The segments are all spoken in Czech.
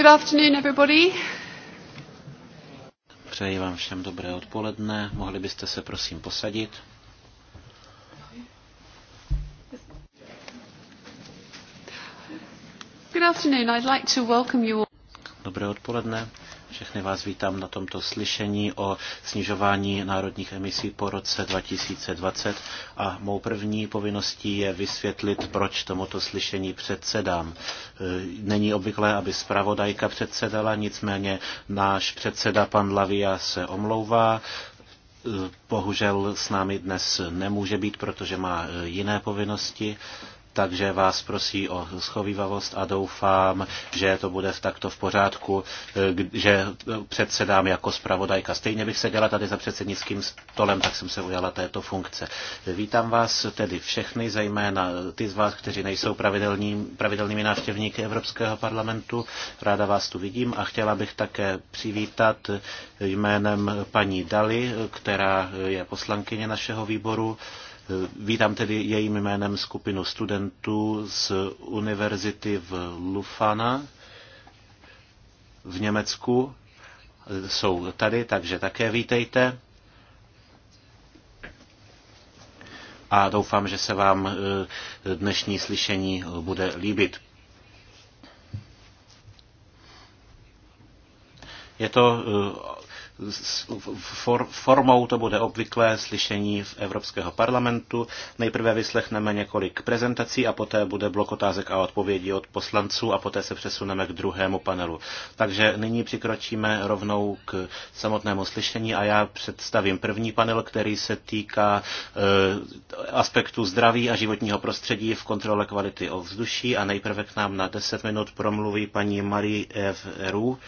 Good afternoon, everybody. Přeji vám všem dobré odpoledne. Mohli byste se prosím posadit. Good afternoon. I'd like to welcome you all. Dobré odpoledne. Všechny vás vítám na tomto slyšení o snižování národních emisí po roce 2020 a mou první povinností je vysvětlit, proč tomuto slyšení předsedám. E, není obvyklé, aby zpravodajka předsedala, nicméně náš předseda pan Lavia se omlouvá e, bohužel s námi dnes nemůže být, protože má e, jiné povinnosti takže vás prosí o schovývavost a doufám, že to bude takto v pořádku, eh, že eh, předsedám jako zpravodajka. Stejně bych seděla tady za předsednickým stolem, tak jsem se ujala této funkce. Vítám vás tedy všechny, zejména ty z vás, kteří nejsou pravidelní, pravidelnými návštěvníky Evropského parlamentu. Ráda vás tu vidím a chtěla bych také přivítat jménem paní Dali, která je poslankyně našeho výboru. Vítám tedy jejím jménem skupinu studentů z univerzity v Lufana v Německu. Jsou tady, takže také vítejte. A doufám, že se vám eh, dnešní slyšení bude líbit. Je to eh, For, formou to bude obvyklé slyšení v Evropského parlamentu. Nejprve vyslechneme několik prezentací a poté bude blok otázek a odpovědí od poslanců a poté se přesuneme k druhému panelu. Takže nyní přikročíme rovnou k samotnému slyšení a já představím první panel, který se týká e, aspektu zdraví a životního prostředí v kontrole kvality ovzduší a nejprve k nám na 10 minut promluví paní Marie F. Roux,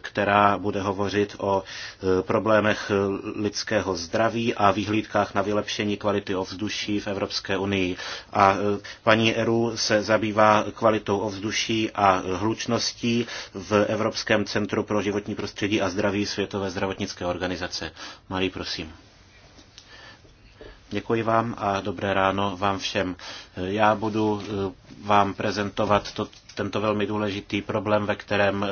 která bude hovořit o e, problémech lidského zdraví a výhlídkách na vylepšení kvality ovzduší v Evropské unii. A e, paní Eru se zabývá kvalitou ovzduší a hlučností v Evropském centru pro životní prostředí a zdraví Světové zdravotnické organizace. Marí, prosím. Děkuji vám a dobré ráno vám všem. E, já budu vám prezentovat to, tento velmi důležitý problém, ve kterém,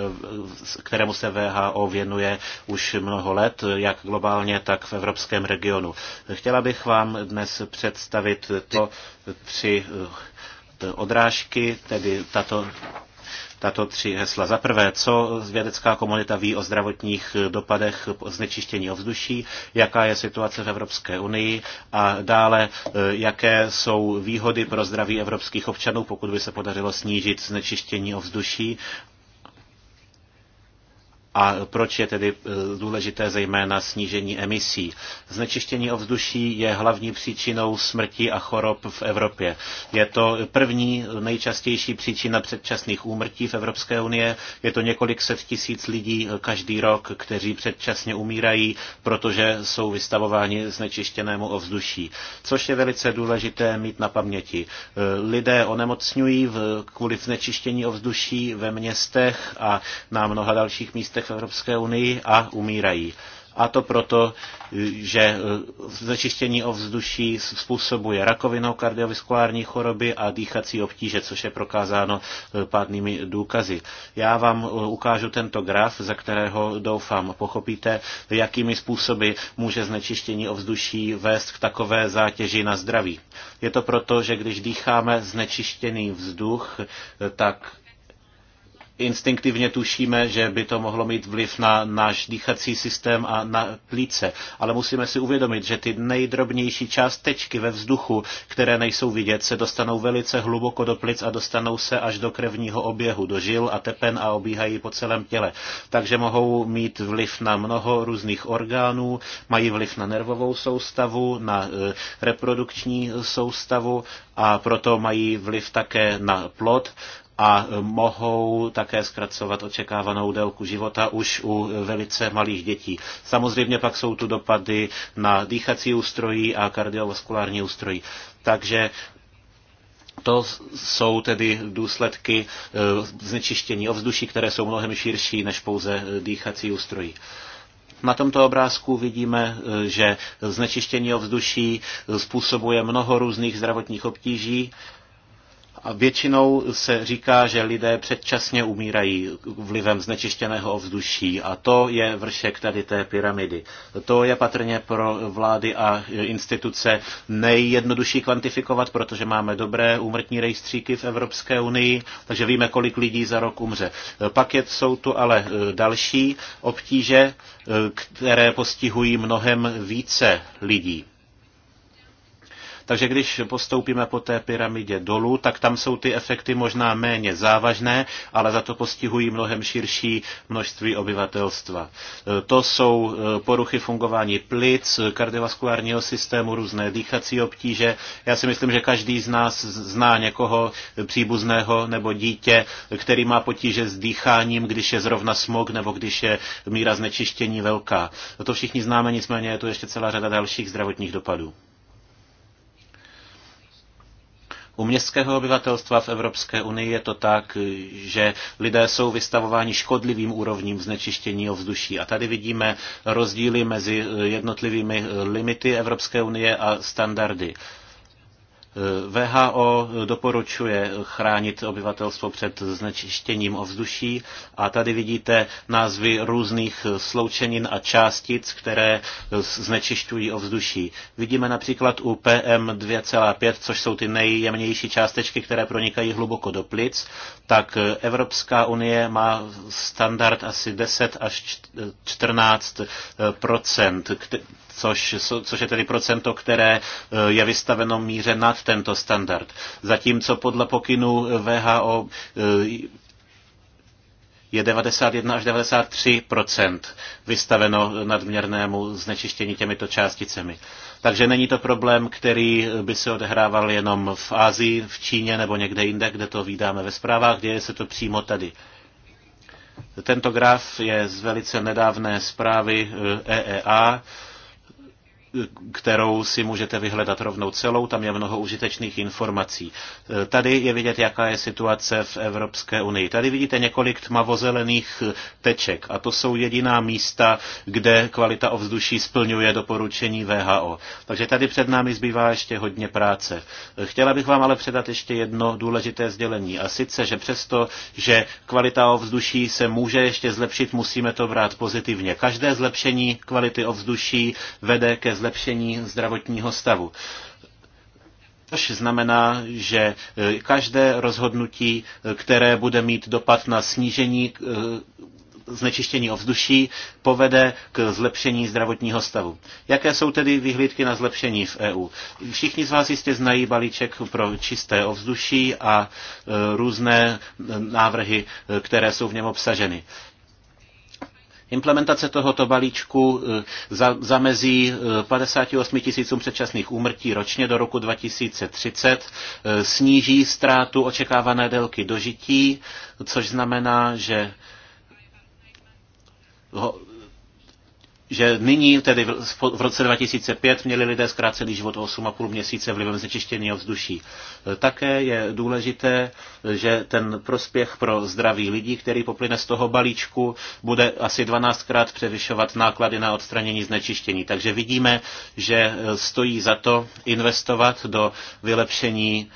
kterému se VHO věnuje už mnoho let, jak globálně, tak v evropském regionu. Chtěla bych vám dnes představit to tři odrážky, tedy tato tato tři hesla. Za prvé, co vědecká komunita ví o zdravotních dopadech znečištění ovzduší, jaká je situace v Evropské unii a dále, eh, jaké jsou výhody pro zdraví evropských občanů, pokud by se podařilo snížit znečištění ovzduší a proč je tedy e, důležité zejména snížení emisí. Znečištění ovzduší je hlavní příčinou smrti a chorob v Evropě. Je to první nejčastější příčina předčasných úmrtí v Evropské unie. Je to několik set tisíc lidí e, každý rok, kteří předčasně umírají, protože jsou vystavováni znečištěnému ovzduší. Což je velice důležité mít na paměti. E, lidé onemocňují kvůli znečištění ovzduší ve městech a na mnoha dalších místech v Evropské unii a umírají. A to proto, že e, znečištění ovzduší způsobuje rakovinou kardiovaskulární choroby a dýchací obtíže, což je prokázáno e, pádnými důkazy. Já vám e, ukážu tento graf, za kterého doufám pochopíte, jakými způsoby může znečištění ovzduší vést k takové zátěži na zdraví. Je to proto, že když dýcháme znečištěný vzduch, tak instinktivně tušíme, že by to mohlo mít vliv na náš dýchací systém a na plíce. Ale musíme si uvědomit, že ty nejdrobnější částečky ve vzduchu, které nejsou vidět, se dostanou velice hluboko do plic a dostanou se až do krevního oběhu, do žil a tepen a obíhají po celém těle. Takže mohou mít vliv na mnoho různých orgánů, mají vliv na nervovou soustavu, na eh, reprodukční soustavu a proto mají vliv také na plod a mohou také zkracovat očekávanou délku života už u velice malých dětí. Samozřejmě pak jsou tu dopady na dýchací ústrojí a kardiovaskulární ústrojí. Takže to jsou tedy důsledky eh, znečištění ovzduší, které jsou mnohem širší než pouze dýchací ústrojí. Na tomto obrázku vidíme, eh, že znečištění ovzduší způsobuje mnoho různých zdravotních obtíží a většinou se říká, že lidé předčasně umírají vlivem znečištěného ovzduší a to je vršek tady té pyramidy. To je patrně pro vlády a instituce nejjednodušší kvantifikovat, protože máme dobré úmrtní rejstříky v Evropské unii, takže víme, kolik lidí za rok umře. Pak je, jsou tu ale e, další obtíže, e, které postihují mnohem více lidí. Takže když postoupíme po té pyramidě dolů, tak tam jsou ty efekty možná méně závažné, ale za to postihují mnohem širší množství obyvatelstva. E, to jsou e, poruchy fungování plic, kardiovaskulárního systému, různé dýchací obtíže. Já si myslím, že každý z nás zná někoho příbuzného nebo dítě, který má potíže s dýcháním, když je zrovna smog nebo když je míra znečištění velká. To všichni známe, nicméně je to ještě celá řada dalších zdravotních dopadů. U městského obyvatelstva v Evropské unii je to tak, že lidé jsou vystavováni škodlivým úrovním znečištění ovzduší. A tady vidíme rozdíly mezi jednotlivými limity Evropské unie a standardy. VHO doporučuje chránit obyvatelstvo před znečištěním ovzduší a tady vidíte názvy různých sloučenin a částic, které znečišťují ovzduší. Vidíme například u PM2,5, což jsou ty nejjemnější částečky, které pronikají hluboko do plic, tak Evropská unie má standard asi 10 až 14 což, což je tedy procento, které eh, je vystaveno míře nad tento standard. Zatímco podle pokynů eh, VHO eh, je 91 až 93 vystaveno nadměrnému znečištění těmito částicemi. Takže není to problém, který by se odehrával jenom v Ázii, v Číně nebo někde jinde, kde to vydáme ve zprávách, děje se to přímo tady. Tento graf je z velice nedávné zprávy EEA e kterou si můžete vyhledat rovnou celou, tam je mnoho užitečných informací. E, tady je vidět, jaká je situace v Evropské unii. Tady vidíte několik tmavozelených e, teček a to jsou jediná místa, kde kvalita ovzduší splňuje doporučení VHO. Takže tady před námi zbývá ještě hodně práce. E, chtěla bych vám ale předat ještě jedno důležité sdělení a sice, že přesto, že kvalita ovzduší se může ještě zlepšit, musíme to brát pozitivně. Každé zlepšení kvality ovzduší vede ke zlepšení zdravotního stavu. Což znamená, že e, každé rozhodnutí, e, které bude mít dopad na snížení e, znečištění ovzduší povede k zlepšení zdravotního stavu. Jaké jsou tedy vyhlídky na zlepšení v EU? Všichni z vás jistě znají balíček pro čisté ovzduší a různé návrhy, které jsou v něm obsaženy. Implementace tohoto balíčku eh, zamezí 58 eh, tisícům předčasných úmrtí ročně do roku 2030, eh, sníží ztrátu očekávané délky dožití, což znamená, že že nyní, tedy v roce 2005, měli lidé zkrácený život o 8,5 měsíce vlivem znečištění ovzduší. E, také je důležité, že ten prospěch pro zdraví lidí, který poplyne z toho balíčku, bude asi 12krát převyšovat náklady na odstranění znečištění. Takže vidíme, že e, stojí za to investovat do vylepšení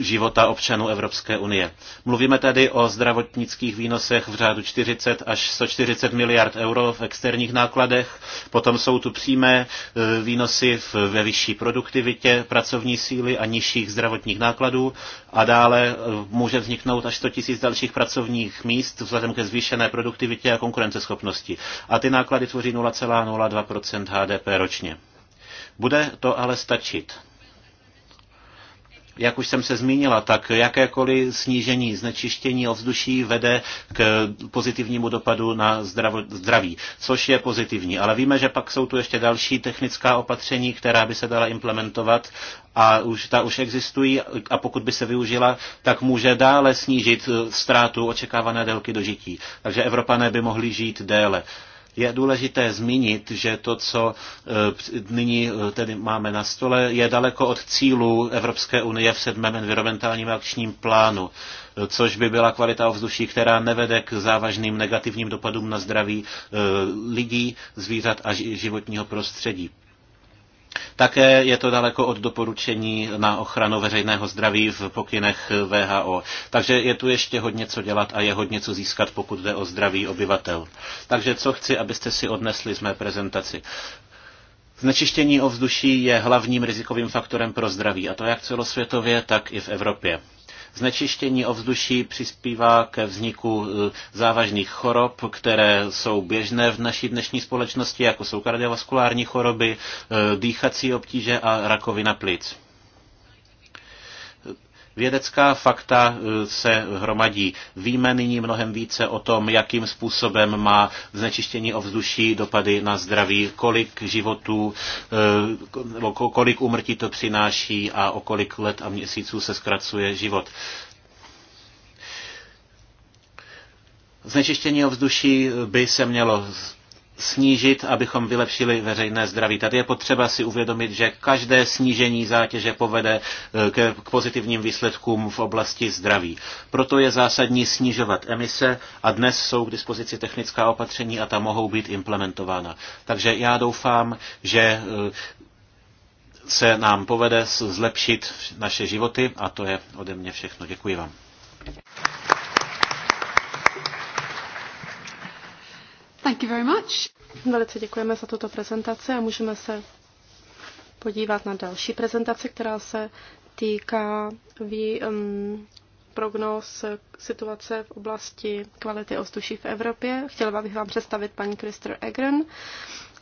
života občanů Evropské unie. Mluvíme tady o zdravotnických výnosech v řádu 40 až 140 miliard euro v externích nákladech, potom jsou tu přímé e, výnosy ve vyšší produktivitě pracovní síly a nižších zdravotních nákladů a dále e, může vzniknout až 100 tisíc dalších pracovních míst vzhledem ke zvýšené produktivitě a konkurenceschopnosti. A ty náklady tvoří 0,02 HDP ročně. Bude to ale stačit. Jak už jsem se zmínila, tak jakékoliv snížení znečištění ovzduší vede k pozitivnímu dopadu na zdraví, což je pozitivní. Ale víme, že pak jsou tu ještě další technická opatření, která by se dala implementovat a už ta už existují a pokud by se využila, tak může dále snížit eh, ztrátu očekávané délky dožití. Takže Evropané by mohli žít déle. Je důležité zmínit, že to, co eh, nyní eh, tedy máme na stole, je daleko od cílů Evropské unie v sedmém environmentálním akčním plánu eh, což by byla kvalita ovzduší, která nevede k závažným negativním dopadům na zdraví lidí, zvířat a životního prostředí. Také je to daleko od doporučení na ochranu veřejného zdraví v pokynech VHO. Takže je tu ještě hodně co dělat a je hodně co získat, pokud jde o zdraví obyvatel. Takže co chci, abyste si odnesli z mé prezentaci. Znečištění ovzduší je hlavním rizikovým faktorem pro zdraví, a to jak celosvětově, tak i v Evropě. Znečištění ovzduší přispívá ke vzniku e, závažných chorob, které jsou běžné v naší dnešní společnosti, jako jsou kardiovaskulární choroby, e, dýchací obtíže a rakovina plic. Vědecká fakta e, se hromadí. Víme nyní mnohem více o tom, jakým způsobem má znečištění ovzduší dopady na zdraví, kolik životů, e, kolik umrtí to přináší a o kolik let a měsíců se zkracuje život. Znečištění ovzduší by se mělo snížit, abychom vylepšili veřejné zdraví. Tady je potřeba si uvědomit, že každé snížení zátěže povede eh, k, pozitivním výsledkům v oblasti zdraví. Proto je zásadní snižovat emise a dnes jsou k dispozici technická opatření a ta mohou být implementována. Takže já doufám, že eh, se nám povede zlepšit naše životy a to je ode mě všechno. Děkuji vám. Thank you very much. Velice děkujeme za tuto prezentaci a můžeme se podívat na další prezentaci, která se týká vý, um, prognóz situace v oblasti kvality ovzduší v Evropě. Chtěla bych vám představit paní Krister Egren,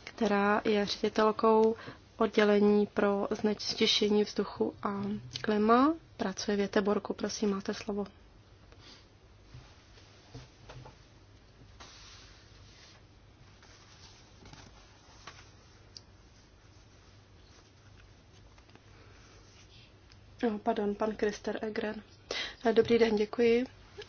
která je ředitelkou oddělení pro znečištění vzduchu a klima. Pracuje v Jeteborku. Prosím, máte slovo. Oh, pardon, pan Krister Egren. Dobrý den, děkuji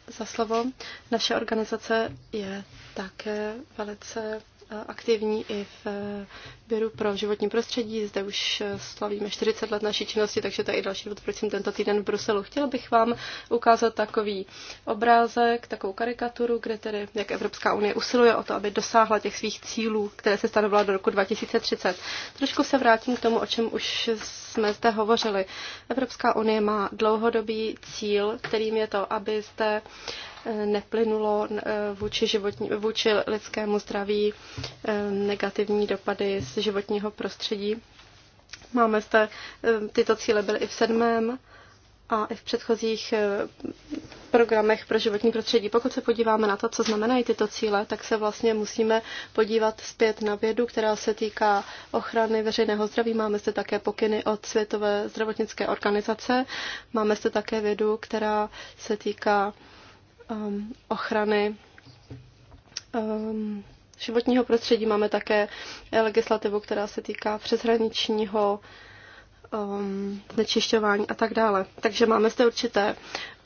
za slovo. Naše organizace je také velice Eh, aktivní i v eh, Běru pro životní prostředí. Zde už eh, slavíme 40 let naší činnosti, takže to je i další důvod, proč jsem tento týden v Bruselu. Chtěla bych vám ukázat takový obrázek, takovou karikaturu, kde tedy, jak Evropská unie usiluje o to, aby dosáhla těch svých cílů, které se stanovila do roku 2030. Trošku se vrátím k tomu, o čem už jsme zde hovořili. Evropská unie má dlouhodobý cíl, kterým je to, aby zde uh, neplynulo eh, vůči, životní, vůči lidskému zdraví eh, negativní dopady z životního prostředí. Máme zde, eh, tyto cíle byly i v sedmém a i v předchozích programech pro životní prostředí. Pokud se podíváme na to, co znamenají tyto cíle, tak se vlastně musíme podívat zpět na vědu, která se týká ochrany veřejného zdraví. Máme zde také pokyny od Světové zdravotnické organizace. Máme zde také vědu, která se týká um, ochrany um, životního prostředí. Máme také legislativu, která se týká přeshraničního um, znečišťování a tak dále. Takže máme zde určité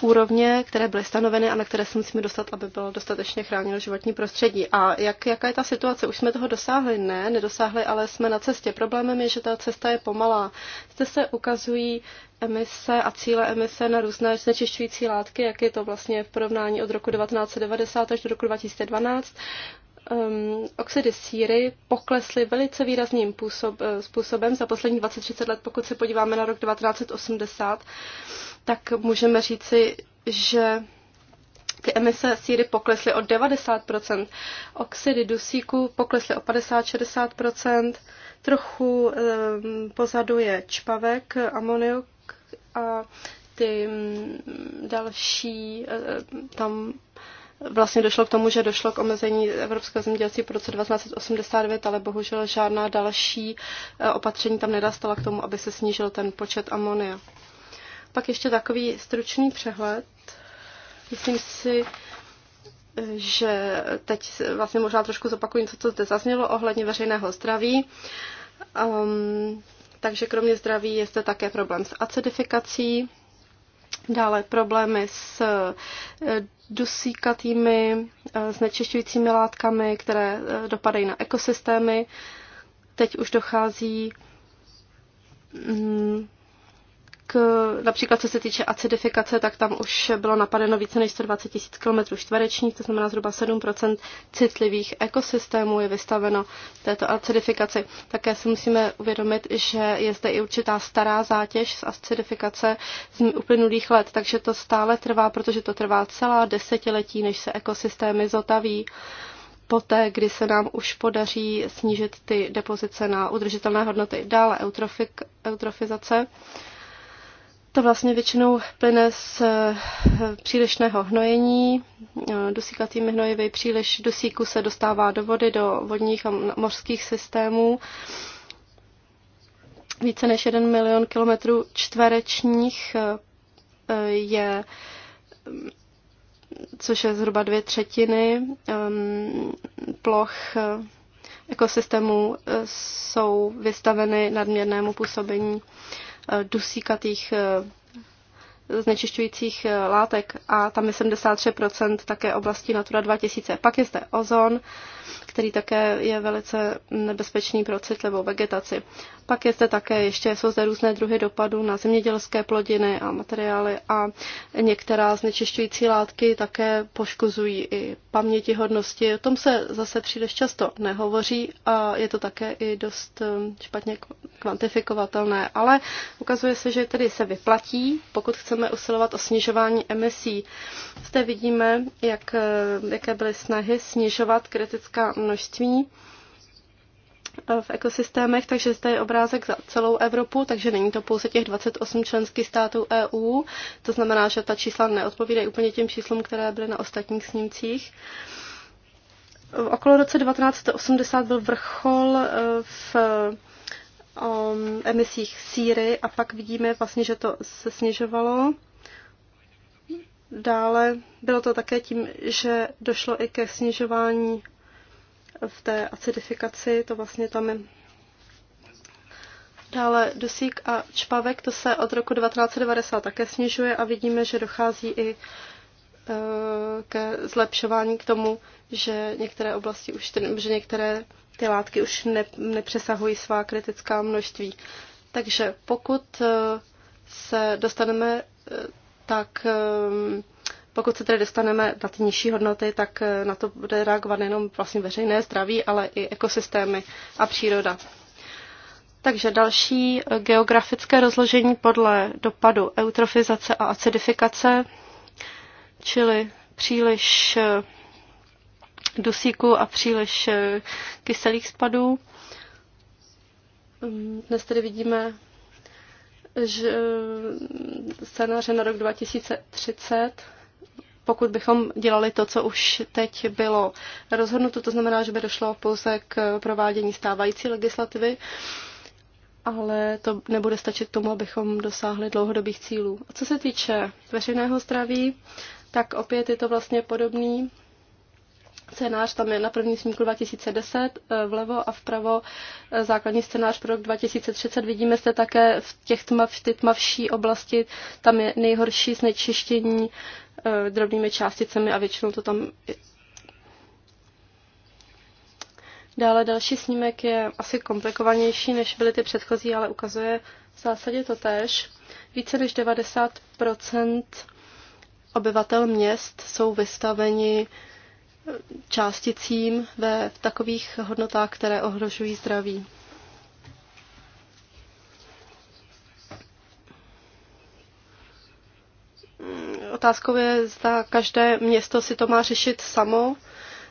úrovně, které byly stanoveny a na které se musíme dostat, aby bylo dostatečně chráněno životní prostředí. A jak, jaká je ta situace? Už jsme toho dosáhli? Ne, nedosáhli, ale jsme na cestě. Problémem je, že ta cesta je pomalá. Zde se ukazují emise a cíle emise na různé znečišťující látky, jak je to vlastně v porovnání od roku 1990 až do roku 2012 um, oxidy síry poklesly velice výrazným působ, eh, způsobem za poslední 20-30 let. Pokud se podíváme na rok 1980, tak můžeme říci, že ty emise síry poklesly o 90%, oxidy dusíku poklesly o 50-60%, trochu um, pozadu je čpavek, amoniok a ty mm, další um, tam vlastně došlo k tomu, že došlo k omezení evropského zemědělství v roce 1989, ale bohužel žádná další eh, opatření tam nedostala k tomu, aby se snížil ten počet amonia. Pak ještě takový stručný přehled. Myslím si, eh, že teď vlastně možná trošku zopakuju co to zde zaznělo ohledně veřejného zdraví. Um, takže kromě zdraví je zde také problém s acidifikací, Dále problémy s eh, dusíkatými eh, znečišťujícími látkami, které eh, dopadají na ekosystémy. Teď už dochází mm, například co se týče acidifikace, tak tam už bylo napadeno více než 120 tisíc km čtverečních, to znamená zhruba 7 citlivých ekosystémů je vystaveno této acidifikaci. Také si musíme uvědomit, že je zde i určitá stará zátěž z acidifikace z uplynulých let, takže to stále trvá, protože to trvá celá desetiletí, než se ekosystémy zotaví poté, kdy se nám už podaří snížit ty depozice na udržitelné hodnoty. Dále eutrofik, eutrofizace. To vlastně většinou plyne z eh, přílišného hnojení. Eh, Dusíkatými hnojivy příliš dusíku se dostává do vody, do vodních a mořských systémů. Více než 1 milion kilometrů čtverečních eh, je, mm, což je zhruba dvě třetiny ehm, ploch ekosystémů, jsou vystaveny nadměrnému působení Eh, dusíkat jejich eh, znečišťujících eh, látek a tam je 73% také oblasti Natura 2000. Pak je zde ozon, který také je velice nebezpečný pro citlivou vegetaci. Pak je zde také ještě, jsou zde různé druhy dopadů na zemědělské plodiny a materiály a některá znečišťující látky také poškozují i hodnosti. O tom se zase příliš často nehovoří a je to také i dost um, špatně kvantifikovatelné, ale ukazuje se, že tedy se vyplatí, pokud chceme usilovat o snižování emisí. Zde vidíme, jak, um, jaké byly snahy snižovat kritické obrovská množství eh, v ekosystémech, takže zde je obrázek za celou Evropu, takže není to pouze těch 28 členských států EU. To znamená, že ta čísla neodpovídají úplně těm číslům, které byly na ostatních snímcích. Eh, okolo roce 1980 byl vrchol eh, v ehm, emisích síry a pak vidíme vlastně, že to se snižovalo. Dále bylo to také tím, že došlo i ke snižování v té acidifikaci, to vlastně tam je. Dále dusík a čpavek, to se od roku 1990 také snižuje a vidíme, že dochází i e, ke zlepšování k tomu, že některé oblasti už, že některé ty látky už ne, nepřesahují svá kritická množství. Takže pokud e, se dostaneme e, tak pokud se tedy dostaneme na ty nižší hodnoty, tak eh, na to bude reagovat nejenom vlastně veřejné zdraví, ale i ekosystémy a příroda. Takže další eh, geografické rozložení podle dopadu eutrofizace a acidifikace, čili příliš eh, dusíku a příliš kyselých spadů. Hm, dnes tedy vidíme že scénáře na rok 2030 pokud bychom dělali to, co už teď bylo rozhodnuto, to znamená, že by došlo pouze k provádění stávající legislativy, ale to nebude stačit tomu, abychom dosáhli dlouhodobých cílů. A co se týče veřejného zdraví, tak opět je to vlastně podobný scénář tam je na první smíku 2010, e, vlevo a vpravo e, základní scénář pro rok 2030. Vidíme se také v těch tmav, ty tmavší oblasti, tam je nejhorší znečištění e, drobnými částicemi a většinou to tam Dále další snímek je asi komplikovanější, než byly ty předchozí, ale ukazuje v zásadě to tež. Více než 90 obyvatel měst jsou vystaveni uh, částicím ve v takových hodnotách, které ohrožují zdraví. Otázkou je, zda každé město si to má řešit samo.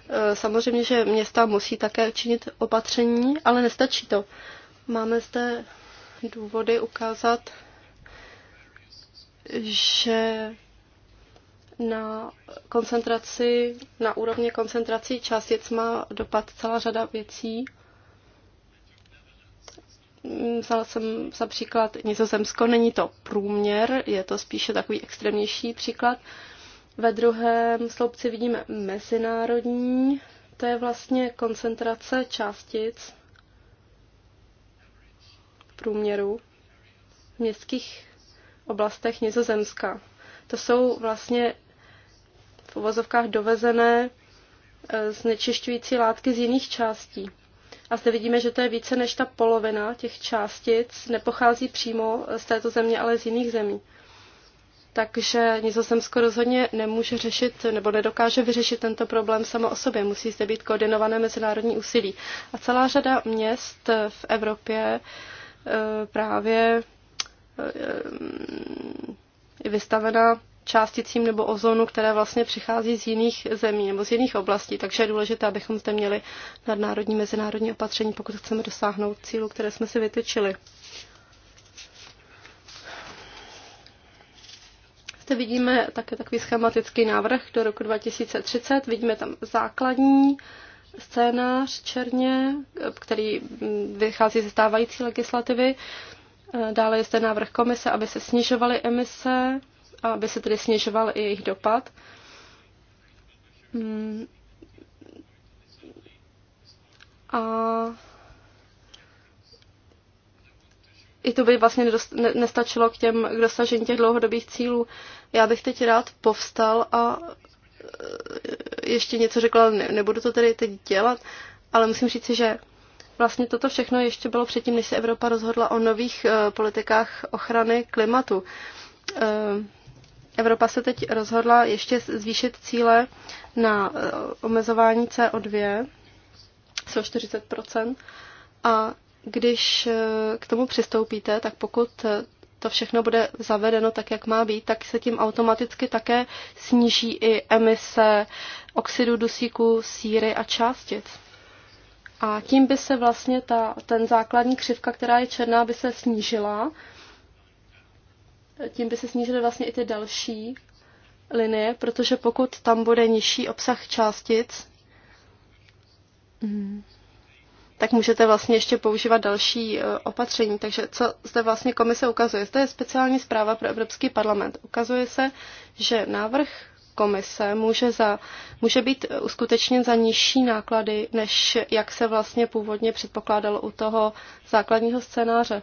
Eh, samozřejmě, že města musí také činit opatření, ale nestačí to. Máme zde důvody ukázat, že na koncentraci, na úrovně koncentrací částic má dopad celá řada věcí. Mm, vzala jsem za příklad Nizozemsko, není to průměr, je to spíše takový extrémnější příklad. Ve druhém sloupci vidíme mezinárodní, to je vlastně koncentrace částic průměru v městských oblastech Nizozemska. To jsou vlastně v uvozovkách dovezené e, znečišťující látky z jiných částí. A zde vidíme, že to je více než ta polovina těch částic, nepochází přímo z této země, ale z jiných zemí. Takže Nizozemsko rozhodně nemůže řešit nebo nedokáže vyřešit tento problém samo o sobě. Musí zde být koordinované mezinárodní úsilí. A celá řada měst v Evropě e, právě je e, vystavena částicím nebo ozonu, které vlastně přichází z jiných zemí nebo z jiných oblastí. Takže je důležité, abychom zde měli nadnárodní mezinárodní opatření, pokud chceme dosáhnout cílu, které jsme si vytyčili. Zde vidíme také takový schematický návrh do roku 2030. Vidíme tam základní scénář černě, který vychází ze stávající legislativy. Dále je zde návrh komise, aby se snižovaly emise aby se tedy snižoval i jejich dopad. A i to by vlastně nestačilo k těm k dosažení těch dlouhodobých cílů. Já bych teď rád povstal a e, ještě něco řekla, ne, nebudu to tedy teď dělat, ale musím říct, že vlastně toto všechno ještě bylo předtím, než se Evropa rozhodla o nových uh, politikách ochrany klimatu. Uh, Evropa se teď rozhodla ještě zvýšit cíle na eh, omezování CO2, co 40 a když eh, k tomu přistoupíte, tak pokud eh, to všechno bude zavedeno tak, jak má být, tak se tím automaticky také sníží i emise oxidu dusíku, síry a částic. A tím by se vlastně ta, ten základní křivka, která je černá, by se snížila tím by se snížily vlastně i ty další linie, protože pokud tam bude nižší obsah částic, mm, tak můžete vlastně ještě používat další e, opatření. Takže co zde vlastně komise ukazuje? Zde je speciální zpráva pro Evropský parlament. Ukazuje se, že návrh komise může, za, může být e, uskutečněn za nižší náklady, než jak se vlastně původně předpokládalo u toho základního scénáře.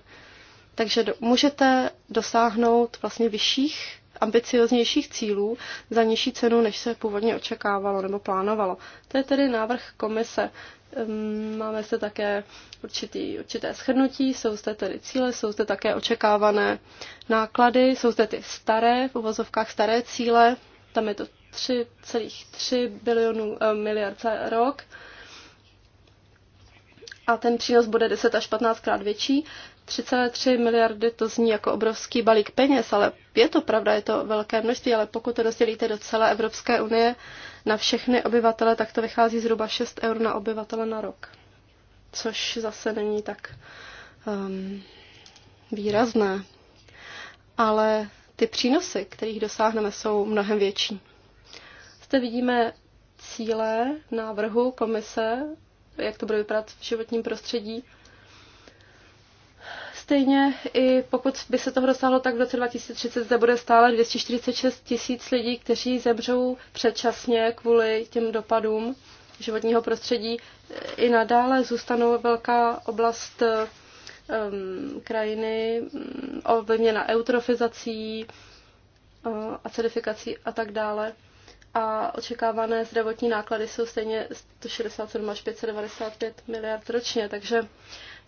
Takže do, můžete dosáhnout vlastně vyšších, ambicioznějších cílů za nižší cenu, než se původně očekávalo nebo plánovalo. To je tedy návrh komise. Ehm, máme se také určitý, určité shrnutí, jsou zde tedy cíle, jsou zde také očekávané náklady, jsou zde ty staré, v uvozovkách staré cíle, tam je to 3,3 bilionů eh, miliard za rok a ten přínos bude 10 až 15 krát větší. 3,3 miliardy to zní jako obrovský balík peněz, ale je to pravda, je to velké množství, ale pokud to rozdělíte do celé Evropské unie na všechny obyvatele, tak to vychází zhruba 6 eur na obyvatele na rok. Což zase není tak um, výrazné. Ale ty přínosy, kterých dosáhneme, jsou mnohem větší. Zde vidíme cíle návrhu komise, jak to bude vypadat v životním prostředí. Stejně i pokud by se toho dosáhlo, tak v roce 2030 zde bude stále 246 tisíc lidí, kteří zemřou předčasně kvůli těm dopadům životního prostředí. I nadále zůstanou velká oblast um, krajiny mm, ovlivněna eutrofizací, uh, eh, acidifikací a tak dále. A očekávané zdravotní náklady jsou stejně 167 až 595 miliard ročně, takže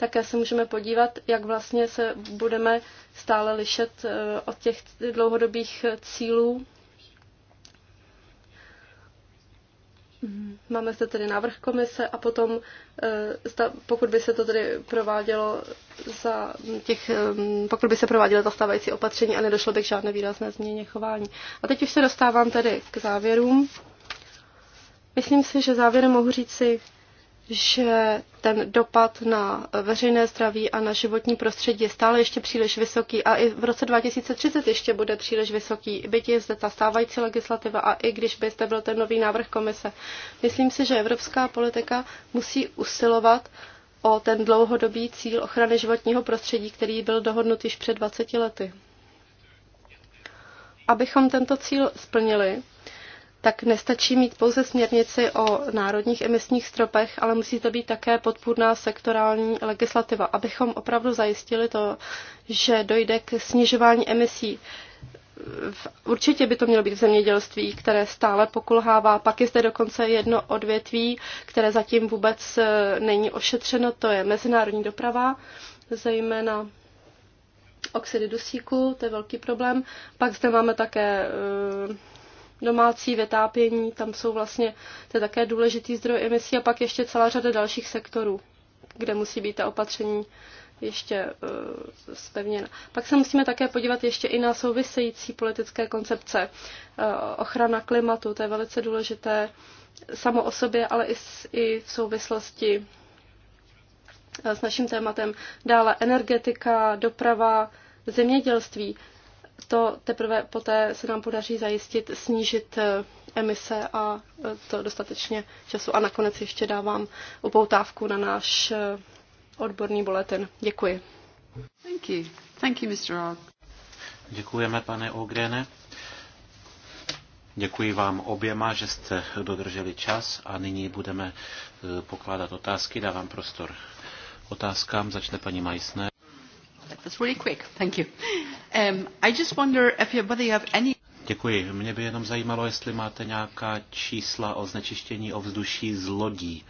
také se můžeme podívat, jak vlastně se budeme stále lišet eh, od těch dlouhodobých cílů. Máme zde tedy návrh komise a potom, eh, pokud by se to tedy provádělo za těch, eh, pokud by se provádělo zastávající opatření a nedošlo by k žádné výrazné změně chování. A teď už se dostávám tedy k závěrům. Myslím si, že závěrem mohu říct si že ten dopad na veřejné zdraví a na životní prostředí je stále ještě příliš vysoký a i v roce 2030 ještě bude příliš vysoký, byť je zde ta stávající legislativa a i když by zde byl ten nový návrh komise. Myslím si, že evropská politika musí usilovat o ten dlouhodobý cíl ochrany životního prostředí, který byl dohodnut již před 20 lety. Abychom tento cíl splnili, tak nestačí mít pouze směrnici o národních emisních stropech, ale musí to být také podpůrná sektorální legislativa, abychom opravdu zajistili to, že dojde k snižování emisí. Určitě by to mělo být v zemědělství, které stále pokulhává. Pak je zde dokonce jedno odvětví, které zatím vůbec eh, není ošetřeno, to je mezinárodní doprava, zejména oxidy dusíku, to je velký problém. Pak zde máme také eh, domácí vytápění, tam jsou vlastně, to je také důležitý zdroj emisí a pak ještě celá řada dalších sektorů, kde musí být ta opatření ještě uh, eh, spevněna. Pak se musíme také podívat ještě i na související politické koncepce. Uh, ochrana klimatu, to je velice důležité samo o sobě, ale i, s, i v souvislosti eh, s naším tématem. Dále energetika, doprava, zemědělství to teprve poté se nám podaří zajistit snížit eh, emise a eh, to dostatečně času. A nakonec ještě dávám upoutávku na náš eh, odborný boletin. Děkuji. Thank you. Thank you, Mr. Děkujeme, pane Ogrene. Děkuji vám oběma, že jste dodrželi čas a nyní budeme pokládat otázky. Dávám prostor otázkám. Začne paní Majsner. That was really quick. Thank you. Děkuji. Mě by jenom zajímalo, jestli máte nějaká čísla o znečištění ovzduší z lodí,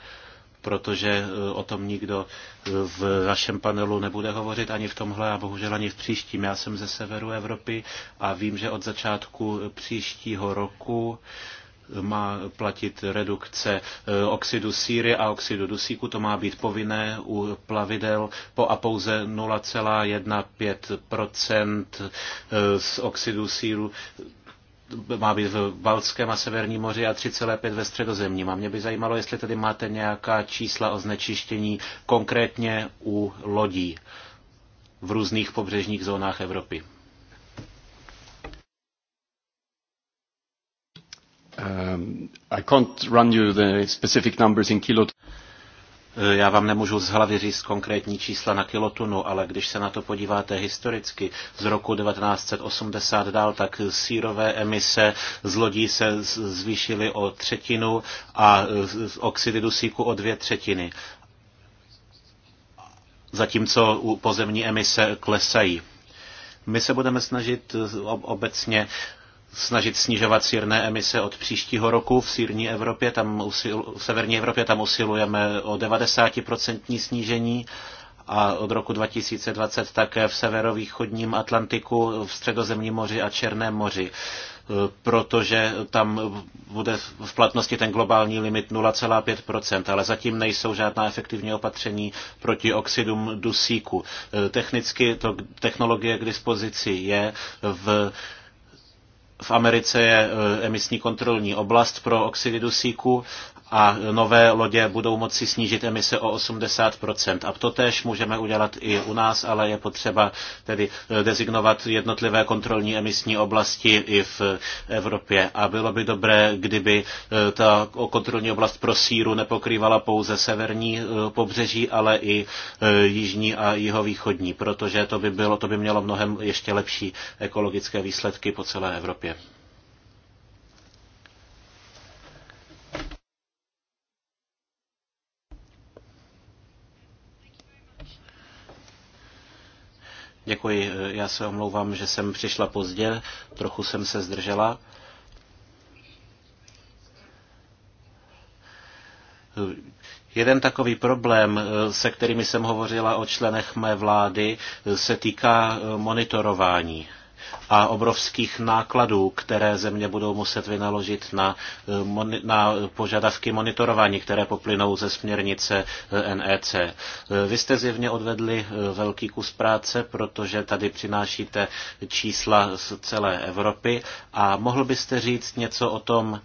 protože eh, o tom nikdo eh, v našem panelu nebude hovořit ani v tomhle a bohužel ani v příštím. Já jsem ze severu Evropy a vím, že od začátku eh, příštího roku uh, má platit redukce eh, oxidu síry a oxidu dusíku. To má být povinné u plavidel po a pouze 0,15 eh, z oxidu síru má být v Balckém a Severním moři a 3,5 ve středozemním. A mě by zajímalo, jestli tady máte nějaká čísla o znečištění konkrétně u lodí v různých pobřežních zónách Evropy. Um, I can't run you the specific numbers in kilo. E, já vám nemůžu z hlavy říct konkrétní čísla na kilotunu, ale když se na to podíváte historicky z roku 1980 dál, tak sírové emise z lodí se zvýšily o třetinu a oxidy dusíku o dvě třetiny. Zatímco u pozemní emise klesají. My se budeme snažit e, obecně snažit snižovat sírné emise od příštího roku. V sírní Evropě, tam usil, v severní Evropě tam usilujeme o 90% snížení a od roku 2020 také v severovýchodním Atlantiku, v středozemním moři a Černém moři protože tam bude v platnosti ten globální limit 0,5%, ale zatím nejsou žádná efektivní opatření proti oxidům dusíku. Technicky to technologie k dispozici je v v Americe je e, emisní kontrolní oblast pro oxidy dusíku a nové lodě budou moci snížit emise o 80%. A to tež můžeme udělat i u nás, ale je potřeba tedy eh, dezignovat jednotlivé kontrolní emisní oblasti i v Evropě. A bylo by dobré, kdyby eh, ta kontrolní oblast pro síru nepokrývala pouze severní eh, pobřeží, ale i jižní a jihovýchodní, protože to by, bylo, to by mělo mnohem ještě lepší ekologické výsledky po celé Evropě. Děkuji, já se omlouvám, že jsem přišla pozdě, trochu jsem se zdržela. Jeden takový problém, se kterými jsem hovořila o členech mé vlády, se týká monitorování a obrovských nákladů, které země budou muset vynaložit na, eh, na požadavky monitorování, které poplynou ze směrnice eh, NEC. Eh, vy jste zjevně odvedli velký kus práce, protože tady přinášíte čísla z celé Evropy a mohl byste říct něco o tom,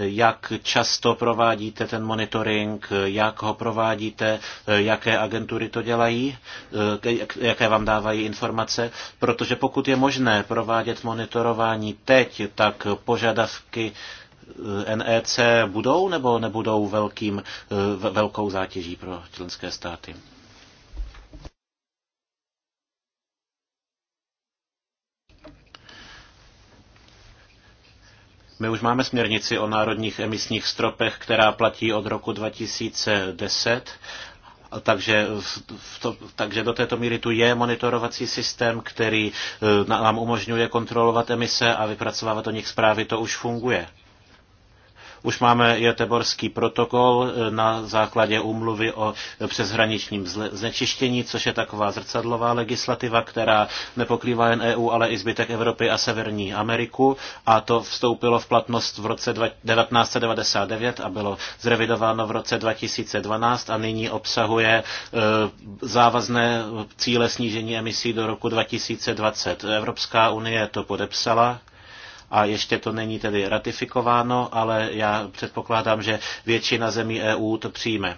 jak často provádíte ten monitoring, jak ho provádíte, jaké agentury to dělají, eh, jaké vám dávají informace, protože pokud je možné provádět monitorování teď, tak požadavky eh, NEC budou nebo nebudou velkým, eh, velkou zátěží pro členské státy? My už máme směrnici o národních emisních stropech, která platí od roku 2010 takže, to, takže do této míry tu je monitorovací systém, který eh, nám umožňuje kontrolovat emise a vypracovávat o nich zprávy, to už funguje. Už máme jeteborský protokol e, na základě úmluvy o přeshraničním znečištění, což je taková zrcadlová legislativa, která nepokrývá jen EU, ale i zbytek Evropy a Severní Ameriku. A to vstoupilo v platnost v roce 1999 a bylo zrevidováno v roce 2012 a nyní obsahuje e, závazné cíle snížení emisí do roku 2020. Evropská unie to podepsala a ještě to není tedy ratifikováno, ale já předpokládám, že většina zemí EU to přijme.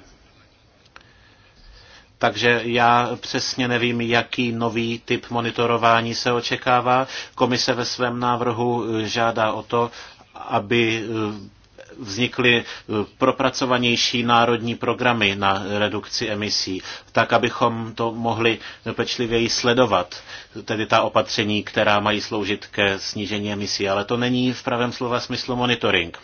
Takže já přesně nevím, jaký nový typ monitorování se očekává. Komise ve svém návrhu eh, žádá o to, aby eh, vznikly eh, propracovanější národní programy na redukci emisí, tak abychom to mohli pečlivěji sledovat, tedy ta opatření, která mají sloužit ke snížení emisí. Ale to není v pravém slova smyslu monitoring.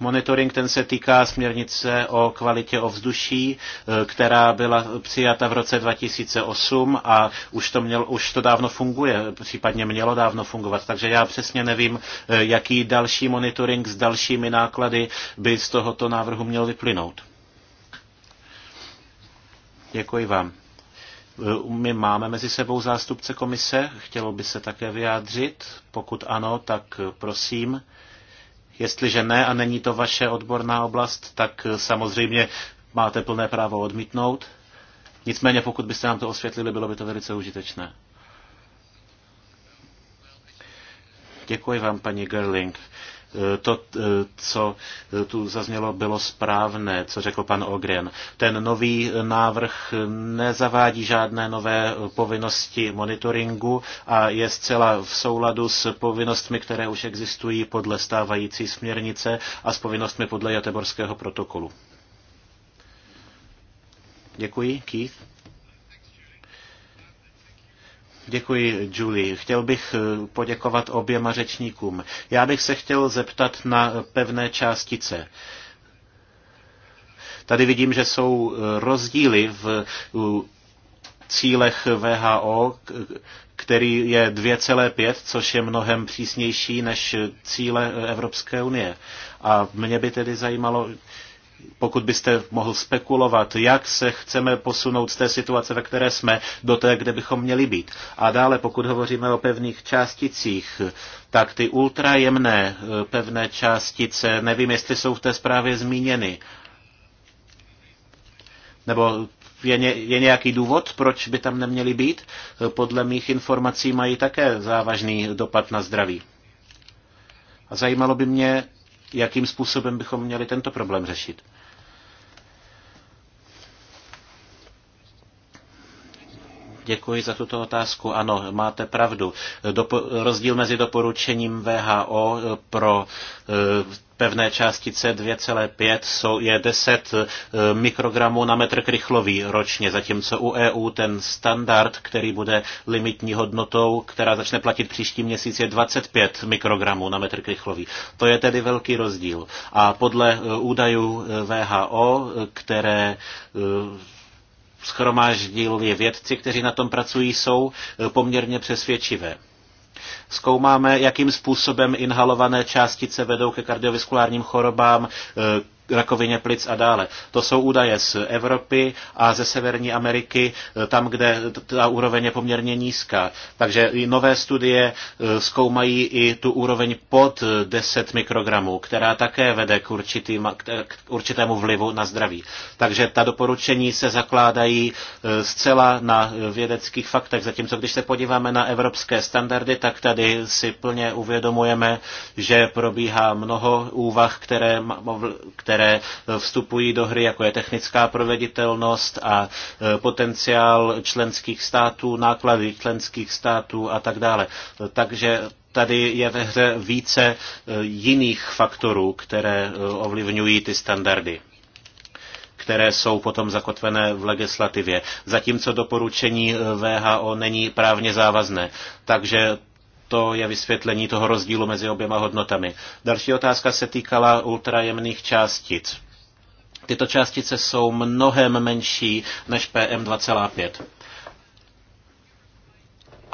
Monitoring ten se týká směrnice o kvalitě ovzduší, eh, která byla přijata v roce 2008 a už to, mělo, už to dávno funguje, případně mělo dávno fungovat. Takže já přesně nevím, eh, jaký další monitoring s dalšími náklady by z tohoto návrhu měl vyplynout. Děkuji vám. Eh, my máme mezi sebou zástupce komise, chtělo by se také vyjádřit. Pokud ano, tak prosím. Jestliže ne a není to vaše odborná oblast, tak samozřejmě máte plné právo odmítnout. Nicméně pokud byste nám to osvětlili, bylo by to velice užitečné. Děkuji vám, paní Gerling to, eh, co eh, tu zaznělo, bylo správné, co řekl pan Ogren. Ten nový návrh nezavádí žádné nové povinnosti monitoringu a je zcela v souladu s povinnostmi, které už existují podle stávající směrnice a s povinnostmi podle Jateborského protokolu. Děkuji, Keith. Děkuji, Julie. Chtěl bych eh, poděkovat oběma řečníkům. Já bych se chtěl zeptat na pevné částice. Tady vidím, že jsou eh, rozdíly v cílech VHO, který je 2,5, což je mnohem přísnější než cíle eh, Evropské unie. A mě by tedy zajímalo, pokud byste mohl spekulovat, jak se chceme posunout z té situace, ve které jsme, do té, kde bychom měli být. A dále, pokud hovoříme o pevných částicích, tak ty ultrajemné eh, pevné částice, nevím, jestli jsou v té zprávě zmíněny. Nebo je, ně, je nějaký důvod, proč by tam neměli být? Eh, podle mých informací mají také závažný dopad na zdraví. A zajímalo by mě, jakým způsobem bychom měli tento problém řešit. Děkuji za tuto otázku. Ano, máte pravdu. Dopo- rozdíl mezi doporučením VHO pro eh, pevné částice 2,5 jsou, je 10 eh, mikrogramů na metr krychlový ročně, zatímco u EU ten standard, který bude limitní hodnotou, která začne platit příští měsíc, je 25 mikrogramů na metr krychlový. To je tedy velký rozdíl. A podle eh, údajů VHO, které schromáždili vědci, kteří na tom pracují, jsou eh, poměrně přesvědčivé. Zkoumáme, jakým způsobem inhalované částice vedou ke kardiovaskulárním chorobám, eh, rakovině plic a dále. To jsou údaje z Evropy a ze Severní Ameriky, e, tam, kde ta úroveň je poměrně nízká. Takže i nové studie e, zkoumají i tu úroveň pod 10 e, mikrogramů, která také vede k, určitým, k určitému vlivu na zdraví. Takže ta doporučení se zakládají zcela na vědeckých faktech, zatímco když se podíváme na evropské standardy, tak tady si plně uvědomujeme, že probíhá mnoho úvah, které, které které eh, vstupují do hry, jako je technická proveditelnost a eh, potenciál členských států, náklady členských států a tak dále. Takže tady je ve hře více eh, jiných faktorů, které ovlivňují ty standardy které jsou potom zakotvené v legislativě, zatímco doporučení VHO není právně závazné. Takže to je vysvětlení toho rozdílu mezi oběma hodnotami. Další otázka se týkala ultrajemných částic. Tyto částice jsou mnohem menší než PM2,5.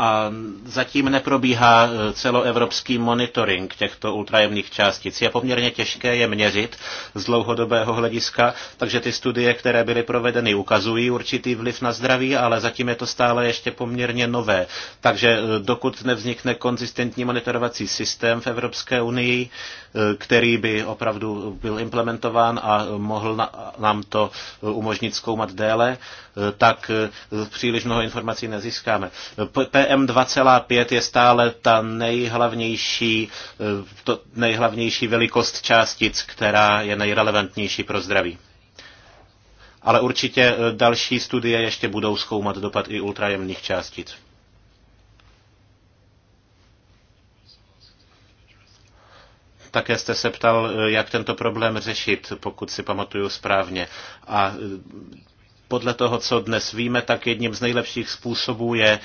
A zatím neprobíhá eh, celoevropský monitoring těchto ultrajemných částic. Je poměrně těžké je měřit z dlouhodobého hlediska, takže ty studie, které byly provedeny, ukazují určitý vliv na zdraví, ale zatím je to stále ještě poměrně nové. Takže eh, dokud nevznikne konzistentní monitorovací systém v Evropské unii, eh, který by opravdu byl implementován a mohl nám to umožnit zkoumat déle, Eh, tak eh, příliš mnoho informací nezískáme. PM 2,5 je stále ta nejhlavnější, eh, to nejhlavnější velikost částic, která je nejrelevantnější pro zdraví. Ale určitě další studie ještě budou zkoumat dopad i ultrajemných částic. Také jste se ptal, jak tento problém řešit, pokud si pamatuju správně. A podle toho, co dnes víme, tak jedním z nejlepších způsobů je e,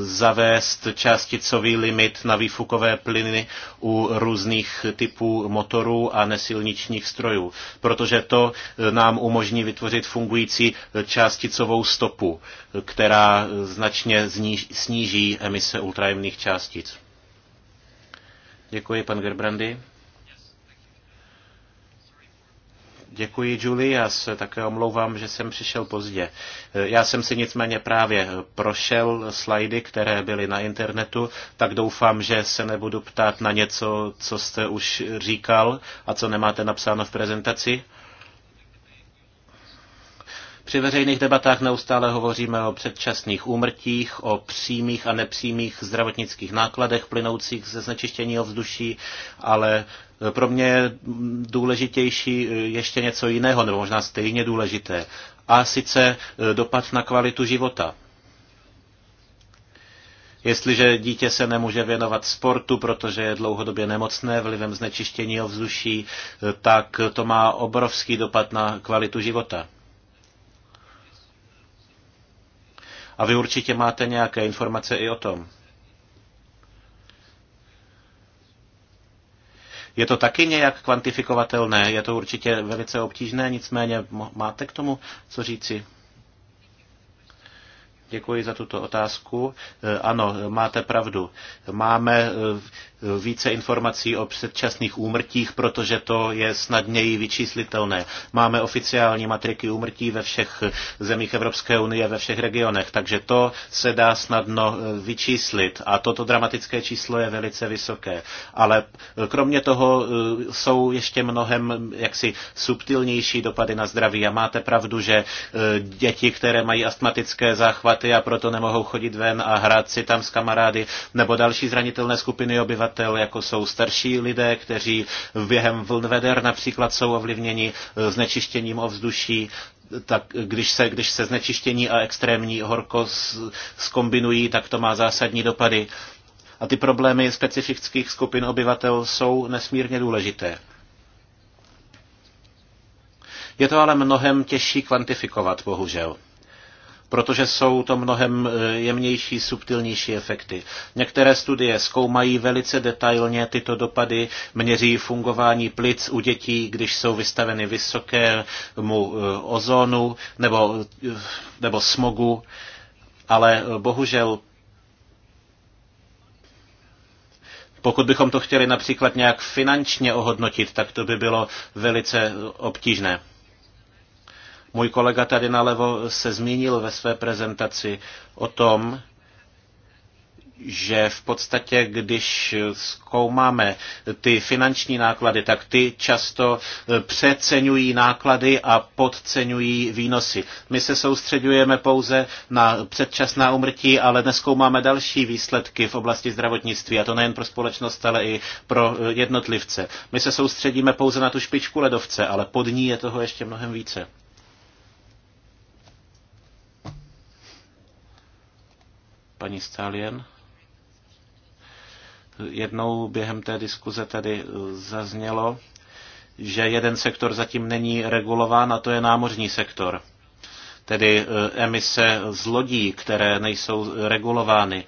zavést částicový limit na výfukové plyny u různých typů motorů a nesilničních strojů, protože to e, nám umožní vytvořit fungující částicovou stopu, která značně sníží emise ultrajemných částic. Děkuji, pan Gerbrandy. Děkuji, Julie. Já se také omlouvám, že jsem přišel pozdě. Já jsem si nicméně právě prošel slajdy, které byly na internetu, tak doufám, že se nebudu ptát na něco, co jste už říkal a co nemáte napsáno v prezentaci. Při veřejných debatách neustále hovoříme o předčasných úmrtích, o přímých a nepřímých zdravotnických nákladech plynoucích ze znečištění ovzduší, ale pro mě je důležitější ještě něco jiného, nebo možná stejně důležité, a sice dopad na kvalitu života. Jestliže dítě se nemůže věnovat sportu, protože je dlouhodobě nemocné vlivem znečištění ovzduší, tak to má obrovský dopad na kvalitu života. A vy určitě máte nějaké informace i o tom. Je to taky nějak kvantifikovatelné, je to určitě velice obtížné, nicméně máte k tomu co říci? Děkuji za tuto otázku. E, ano, máte pravdu. Máme e, více informací o předčasných úmrtích, protože to je snadněji vyčíslitelné. Máme oficiální matriky úmrtí ve všech zemích Evropské unie, ve všech regionech, takže to se dá snadno eh, vyčíslit a toto dramatické číslo je velice vysoké. Ale eh, kromě toho eh, jsou ještě mnohem mm, jaksi subtilnější dopady na zdraví a máte pravdu, že děti, které mají astmatické záchvaty a proto nemohou chodit ven a hrát si tam s kamarády, nebo další zranitelné skupiny obyvatel, obyvatel, jako jsou starší lidé, kteří během vln veder například jsou ovlivněni eh, znečištěním ovzduší, tak když se, když se znečištění a extrémní horko skombinují, tak to má zásadní dopady. A ty problémy specifických skupin obyvatel jsou nesmírně důležité. Je to ale mnohem těžší kvantifikovat, bohužel protože jsou to mnohem eh, jemnější, subtilnější efekty. Některé studie zkoumají velice detailně tyto dopady, měří fungování plic u dětí, když jsou vystaveny vysokému eh, ozonu nebo, eh, nebo smogu, ale bohužel Pokud bychom to chtěli například nějak finančně ohodnotit, tak to by bylo velice obtížné. Můj kolega tady nalevo se zmínil ve své prezentaci o tom, že v podstatě, když zkoumáme ty finanční náklady, tak ty často eh, přeceňují náklady a podceňují výnosy. My se soustředujeme pouze na předčasná umrtí, ale neskoumáme další výsledky v oblasti zdravotnictví, a to nejen pro společnost, ale i pro eh, jednotlivce. My se soustředíme pouze na tu špičku ledovce, ale pod ní je toho ještě mnohem více. paní Stalin. Jednou během té diskuze tedy eh, zaznělo, že jeden sektor zatím není regulován a to je námořní sektor. Tedy eh, emise z lodí, které nejsou regulovány.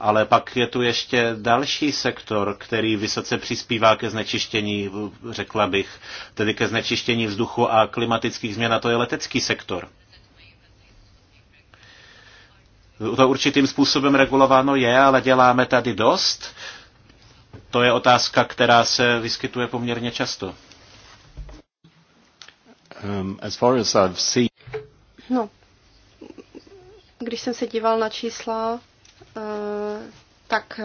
Ale pak je tu ještě další sektor, který vysoce přispívá ke znečištění, eh, řekla bych, tedy ke znečištění vzduchu a klimatických změn, a to je letecký sektor to určitým způsobem regulováno je, ale děláme tady dost? To je otázka, která se vyskytuje poměrně často. Um, as far as I've seen... No, když jsem se díval na čísla, eh, tak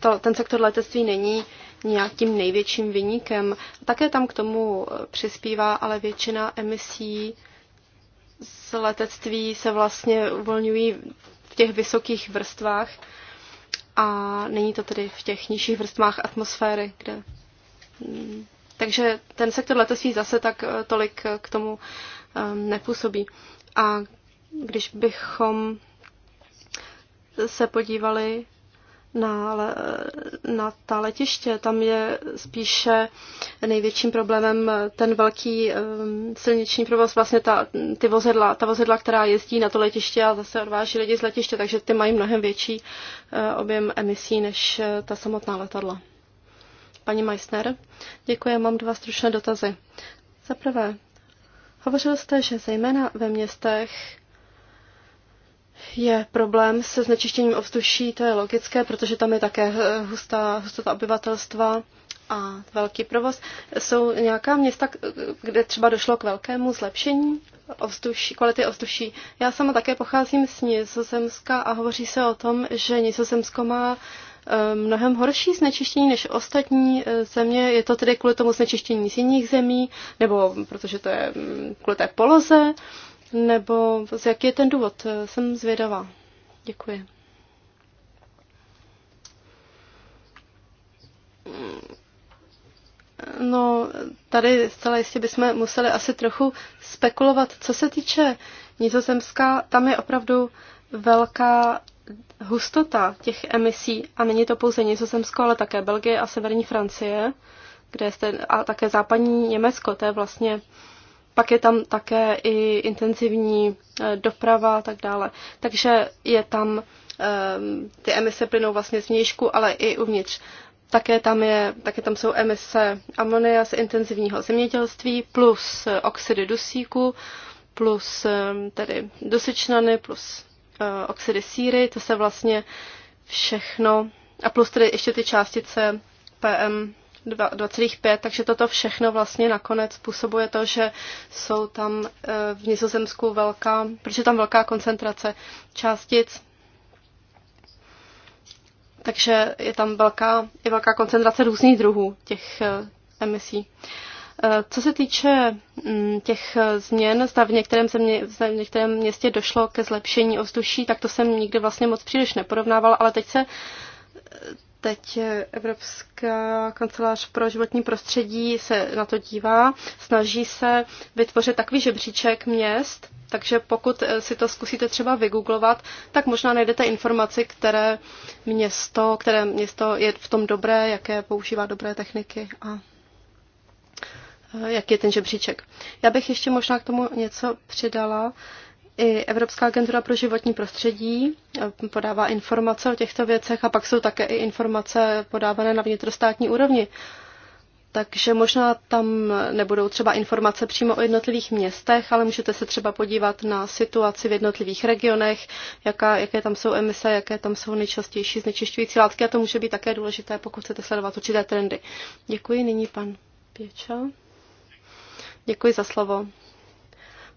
to, ten sektor letectví není nějakým největším vyníkem. Také tam k tomu eh, přispívá, ale většina emisí z letectví se vlastně uvolňují těch vysokých vrstvách a není to tedy v těch nižších vrstvách atmosféry, kde... Mm, takže ten sektor letectví zase tak eh, tolik eh, k tomu ehm, nepůsobí. A když bychom se podívali na, na ta letiště. Tam je spíše největším problémem ten velký silniční provoz, vlastně ta, ty vozidla, ta vozidla, která jezdí na to letiště a zase odváží lidi z letiště, takže ty mají mnohem větší eh, objem emisí než eh, ta samotná letadla. Paní Meissner, děkuji, mám dva stručné dotazy. Za prvé, hovořil jste, že zejména ve městech je problém se znečištěním ovzduší, to je logické, protože tam je také hustá, hustota obyvatelstva a velký provoz. Jsou nějaká města, kde třeba došlo k velkému zlepšení ovzduší, kvality ovzduší. Já sama také pocházím z Nizozemska a hovoří se o tom, že Nizozemsko má eh, mnohem horší znečištění než ostatní eh, země. Je to tedy kvůli tomu znečištění z jiných zemí, nebo protože to je mm, kvůli té poloze nebo z jaký je ten důvod? Eh, jsem zvědavá. Děkuji. Mm. No, tady zcela jistě bychom museli asi trochu spekulovat. Co se týče Nizozemska, tam je opravdu velká hustota těch emisí a není to pouze Nizozemsko, ale také Belgie a severní Francie, kde jste, a také západní Německo, to je vlastně pak je tam také i intenzivní eh, doprava a tak dále. Takže je tam, eh, ty emise plynou vlastně z vnějšku, ale i uvnitř. Také tam, je, také tam jsou emise amonia z intenzivního zemědělství plus eh, oxidy dusíku, plus tedy dusičnany, plus oxidy síry, to se vlastně všechno, a plus tedy ještě ty částice PM 2,5, takže toto všechno vlastně nakonec způsobuje to, že jsou tam eh, v Nizozemsku velká, protože tam velká koncentrace částic, takže je tam velká, je velká koncentrace různých druhů těch eh, emisí. Eh, co se týče mm, těch změn, zda v některém, země, zda v některém městě došlo ke zlepšení ovzduší, tak to jsem nikdy vlastně moc příliš neporovnával, ale teď se Teď Evropská kancelář pro životní prostředí se na to dívá, snaží se vytvořit takový žebříček měst, takže pokud si to zkusíte třeba vygooglovat, tak možná najdete informaci, které město, které město je v tom dobré, jaké používá dobré techniky a eh, jaký je ten žebříček. Já bych ještě možná k tomu něco přidala. I Evropská agentura pro životní prostředí eh, podává informace o těchto věcech a pak jsou také i informace podávané na vnitrostátní úrovni. Takže možná tam nebudou třeba informace přímo o jednotlivých městech, ale můžete se třeba podívat na situaci v jednotlivých regionech, jaká, jaké tam jsou emise, jaké tam jsou nejčastější znečišťující látky a to může být také důležité, pokud chcete sledovat určité trendy. Děkuji, nyní pan Pěča. Děkuji za slovo.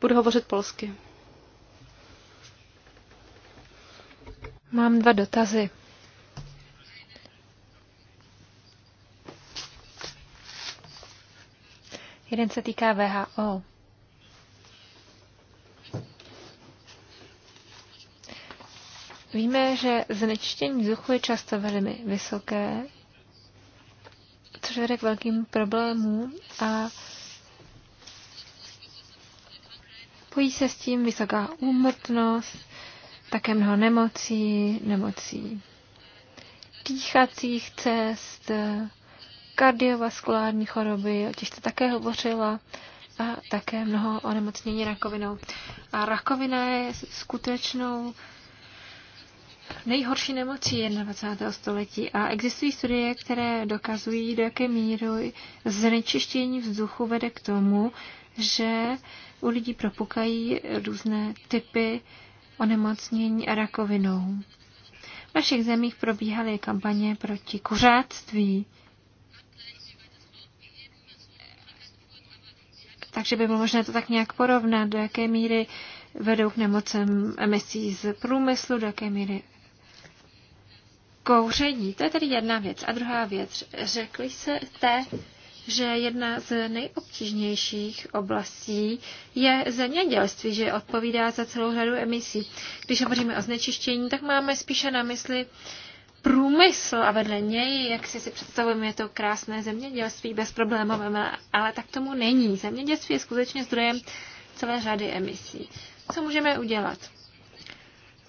Budu hovořit polsky. Mám dva dotazy. Jeden se týká VHO. Víme, že znečištění vzduchu je často velmi vysoké, což vede k velkým problémům a pojí se s tím vysoká úmrtnost, také mnoho nemocí, nemocí dýchacích cest, kardiovaskulární choroby, o těch jste také hovořila, a také mnoho onemocnění rakovinou. A rakovina je skutečnou nejhorší nemocí 21. století a existují studie, které dokazují, do jaké míry znečištění vzduchu vede k tomu, že u lidí propukají různé typy onemocnění rakovinou. V našich zemích probíhaly kampaně proti kuřáctví. Takže by bylo možné to tak nějak porovnat, do jaké míry vedou k nemocem emisí z průmyslu, do jaké míry kouření. To je tedy jedna věc. A druhá věc. Řekli se té, te že jedna z nejobtížnějších oblastí je zemědělství, že odpovídá za celou řadu emisí. Když hovoříme o znečištění, tak máme spíše na mysli průmysl a vedle něj, jak si si představujeme, je to krásné zemědělství, bezproblémové, ale tak tomu není. Zemědělství je skutečně zdrojem celé řady emisí. Co můžeme udělat?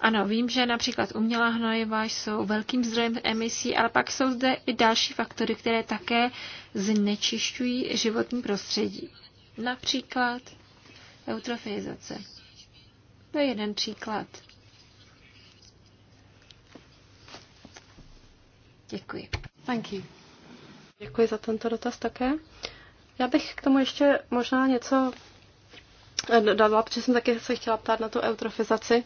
Ano, vím, že například umělá hnojiva jsou velkým zdrojem emisí, ale pak jsou zde i další faktory, které také znečišťují životní prostředí. Například eutrofizace. To je jeden příklad. Děkuji. Thank you. Děkuji za tento dotaz také. Já bych k tomu ještě možná něco dodala, protože jsem také se chtěla ptát na tu eutrofizaci. Uh,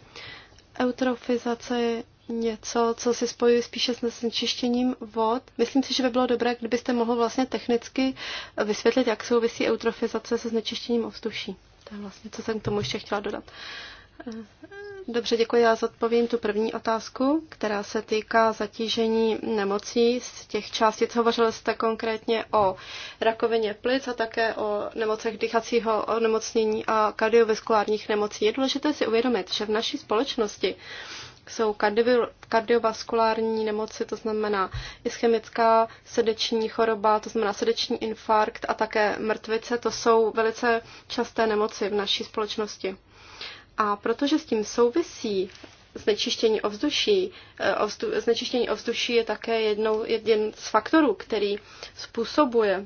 eutrofizace je něco, co si spojuje spíše s nečištěním vod. Myslím si, že by bylo dobré, kdybyste mohl vlastně technicky vysvětlit, jak souvisí eutrofizace se znečištěním ovzduší. To je vlastně, co jsem k tomu ještě chtěla dodat. Dobře, děkuji. Já zodpovím tu první otázku, která se týká zatížení nemocí z těch částic. Hovořil jste konkrétně o rakovině plic a také o nemocech dýchacího onemocnění a kardiovaskulárních nemocí. Je důležité si uvědomit, že v naší společnosti jsou kardiovaskulární nemoci, to znamená ischemická srdeční choroba, to znamená srdeční infarkt a také mrtvice. To jsou velice časté nemoci v naší společnosti. A protože s tím souvisí znečištění ovzduší, eh, ovzdu, znečištění ovzduší je také jednou, jeden z faktorů, který způsobuje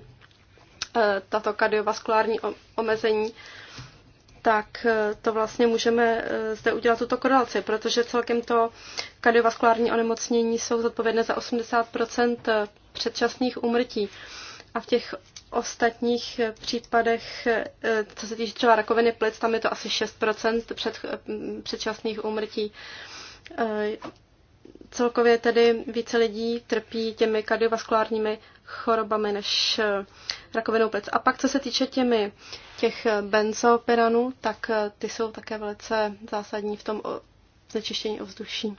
eh, tato kardiovaskulární omezení, tak eh, to vlastně můžeme zde udělat tuto korelaci, protože celkem to kardiovaskulární onemocnění jsou zodpovědné za 80 předčasných úmrtí. A v těch ostatních případech, eh, co se týče třeba rakoviny plic, tam je to asi 6% před, eh, předčasných úmrtí. Eh, celkově tedy více lidí trpí těmi kardiovaskulárními chorobami než rakovinou plic. A pak, co se týče těmi těch benzopiranů, tak ty jsou také velice zásadní v tom znečištění ovzduší.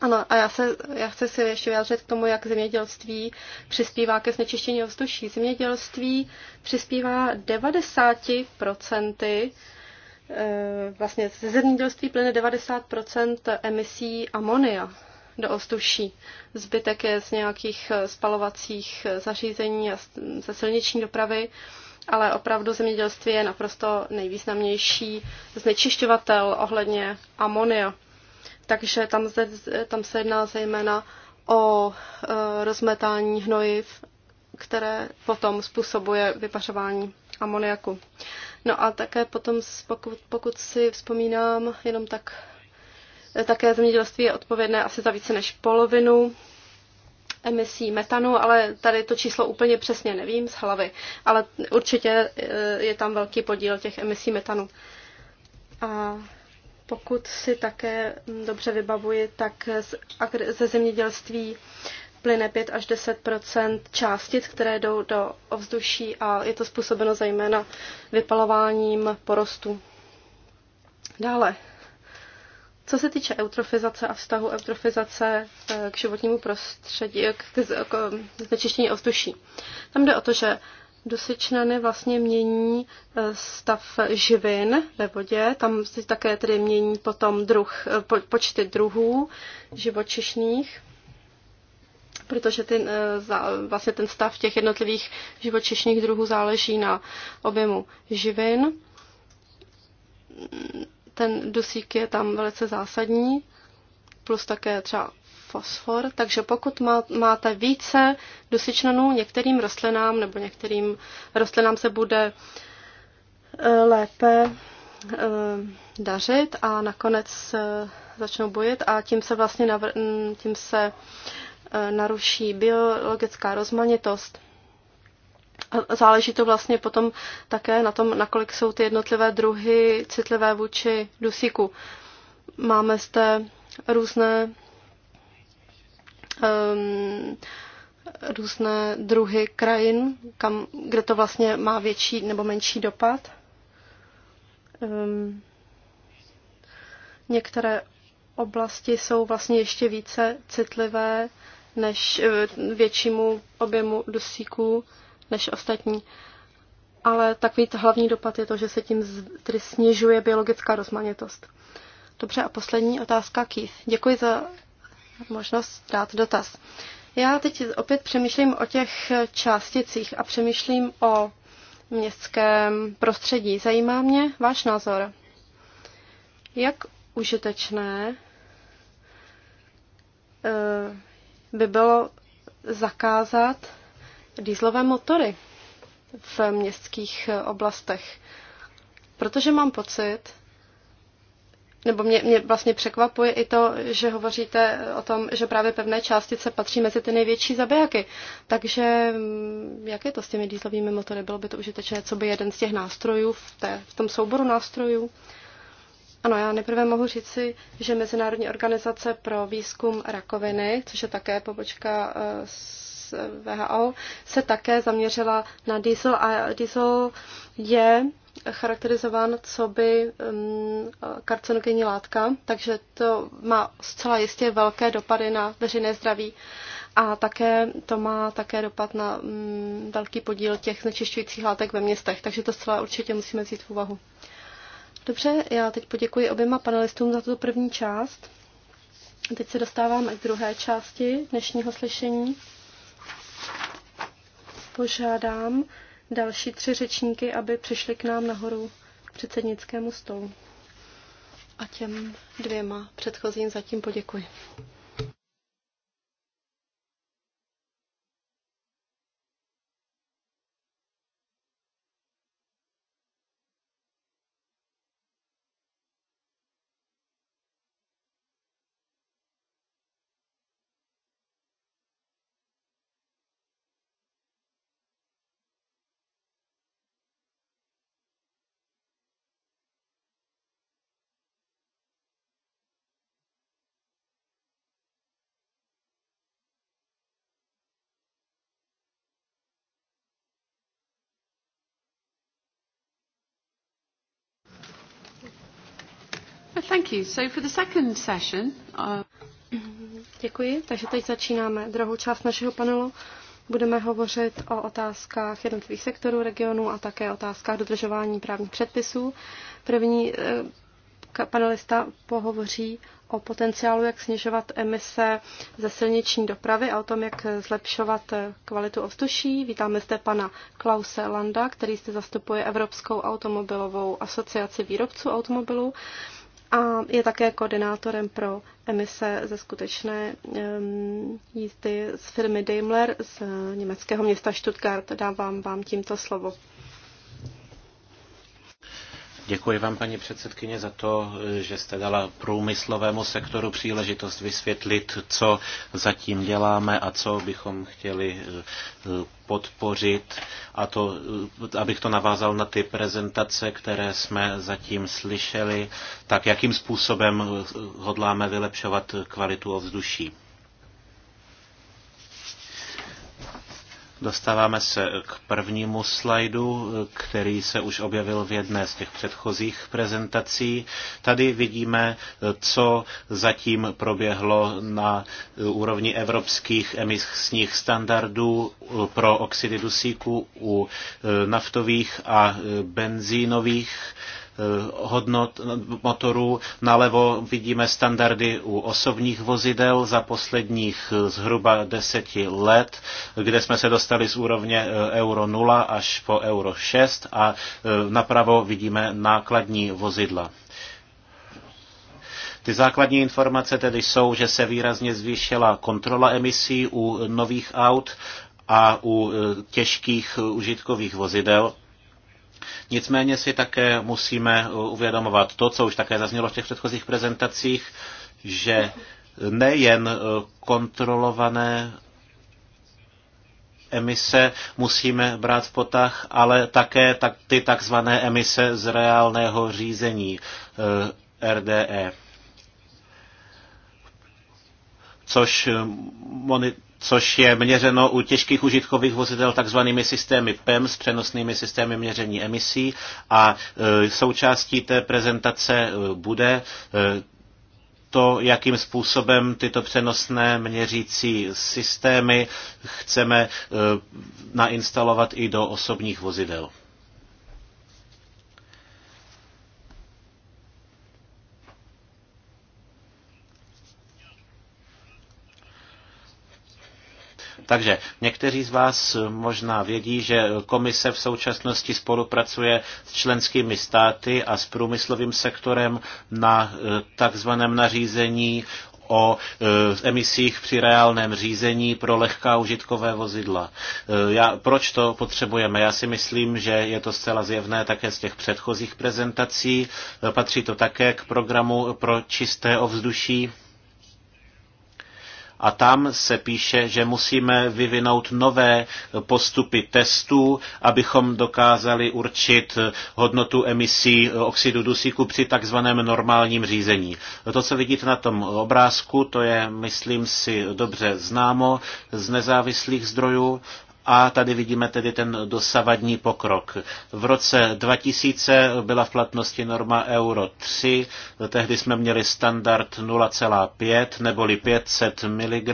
Ano, a já, se, já chci si ještě vyjádřit k tomu, jak zemědělství přispívá ke znečištění ovzduší. Zemědělství přispívá 90% eh, vlastně ze zemědělství plyne 90% emisí amonia do ovzduší. Zbytek je z nějakých eh, spalovacích eh, zařízení a ze silniční dopravy, ale opravdu zemědělství je naprosto nejvýznamnější znečišťovatel ohledně amonia takže tam, zde, tam se jedná zejména o e, rozmetání hnojiv, které potom způsobuje vypařování amoniaku. No a také potom, pokud, pokud si vzpomínám, jenom tak, e, také zemědělství je odpovědné asi za více než polovinu emisí metanu, ale tady to číslo úplně přesně nevím z hlavy, ale určitě e, je tam velký podíl těch emisí metanu. A pokud si také dobře vybavuji, tak ze zemědělství plyne 5 až 10 částic, které jdou do ovzduší a je to způsobeno zejména vypalováním porostů. Dále, co se týče eutrofizace a vztahu eutrofizace eh, k životnímu prostředí, eh, k znečištění ovzduší, tam jde o to, že dusičnany vlastně mění eh, stav živin ve vodě, tam se také tedy mění potom druh, eh, po, počty druhů živočišných, protože ten, eh, vlastně ten stav těch jednotlivých živočišných druhů záleží na objemu živin. Ten dusík je tam velice zásadní, plus také třeba fosfor, takže pokud máte více dusičnanů některým rostlinám nebo některým rostlinám se bude e, lépe e, dařit a nakonec začnou bojit a tím se vlastně navr- tím se e, naruší biologická rozmanitost. záleží to vlastně potom také na tom, nakolik jsou ty jednotlivé druhy citlivé vůči dusíku. Máme zde různé um, různé druhy krajin, kam, kde to vlastně má větší nebo menší dopad. Um, některé oblasti jsou vlastně ještě více citlivé než eh, většímu objemu dusíků než ostatní. Ale takový hlavní dopad je to, že se tím tedy snižuje biologická rozmanitost. Dobře, a poslední otázka, Keith. Děkuji za možnost dát dotaz. Já teď opět přemýšlím o těch částicích a přemýšlím o městském prostředí. Zajímá mě váš názor. Jak užitečné eh, by bylo zakázat dýzlové motory v městských eh, oblastech? Protože mám pocit, nebo mě, mě vlastně překvapuje i to, že hovoříte o tom, že právě pevné částice patří mezi ty největší zabijaky. Takže mm, jak je to s těmi dýzlovými motory? Bylo by to užitečné, co by jeden z těch nástrojů v, té, v tom souboru nástrojů? Ano, já nejprve mohu říci, že Mezinárodní organizace pro výzkum rakoviny, což je také pobočka eh, z VHO, se také zaměřila na diesel a diesel je charakterizován co by um, karcinogenní látka, takže to má zcela jistě velké dopady na veřejné zdraví a také to má také dopad na um, velký podíl těch znečišťujících látek ve městech, takže to zcela určitě musíme vzít v úvahu. Dobře, já teď poděkuji oběma panelistům za tuto první část. Teď se dostáváme k druhé části dnešního slyšení. Požádám další tři řečníky, aby přišli k nám nahoru k předsednickému stolu. A těm dvěma předchozím zatím poděkuji. Thank you. So for the second session, uh... Děkuji. Takže teď začínáme druhou část našeho panelu. Budeme hovořit o otázkách jednotlivých sektorů regionu a také otázkách dodržování právních předpisů. První eh, panelista pohovoří o potenciálu, jak snižovat emise ze silniční dopravy a o tom, jak zlepšovat eh, kvalitu ovzduší. Vítáme zde pana Klause Landa, který zde zastupuje Evropskou automobilovou asociaci výrobců automobilů a je také koordinátorem pro emise ze skutečné um, jízdy z firmy Daimler z německého města Stuttgart. Dávám vám tímto slovo. Děkuji vám, paní předsedkyně, za to, že jste dala průmyslovému sektoru příležitost vysvětlit, co zatím děláme a co bychom chtěli eh, podpořit. A to, eh, abych to navázal na ty prezentace, které jsme zatím slyšeli, tak jakým způsobem eh, hodláme vylepšovat kvalitu ovzduší. Dostáváme se k prvnímu slajdu, který se už objevil v jedné z těch předchozích prezentací. Tady vidíme, co zatím proběhlo na úrovni evropských emisních standardů pro oxidy dusíku u naftových a benzínových Eh, hodnot motorů. Nalevo vidíme standardy u osobních vozidel za posledních eh, zhruba deseti let, kde jsme se dostali z úrovně eh, euro 0 až po euro 6 a napravo vidíme nákladní vozidla. Ty základní informace tedy jsou, že se výrazně zvýšila kontrola emisí u nových aut a u těžkých užitkových vozidel. Nicméně si také musíme eh, uvědomovat to, co už také zaznělo v těch předchozích prezentacích, že nejen eh, kontrolované emise musíme brát v potah, ale také tak, ty takzvané emise z reálného řízení eh, RDE. Což monitor což je měřeno u těžkých užitkových vozidel takzvanými systémy PEM s přenosnými systémy měření emisí a e, součástí té prezentace e, bude e, to, jakým způsobem tyto přenosné měřící systémy chceme nainstalovat i do osobních vozidel. Takže někteří z vás možná vědí, že komise v současnosti spolupracuje s členskými státy a s průmyslovým sektorem na eh, takzvaném nařízení o eh, emisích při reálném řízení pro lehká užitkové vozidla. Eh, já, proč to potřebujeme? Já si myslím, že je to zcela zjevné také z těch předchozích prezentací. Patří to také k programu pro čisté ovzduší a tam se píše, že musíme vyvinout nové postupy testů, abychom dokázali určit hodnotu emisí oxidu dusíku při takzvaném normálním řízení. To, co vidíte na tom obrázku, to je, myslím si, dobře známo z nezávislých zdrojů a tady vidíme tedy ten dosavadní pokrok. V roce 2000 byla v platnosti norma Euro 3, tehdy jsme měli standard 0,5 neboli 500 mg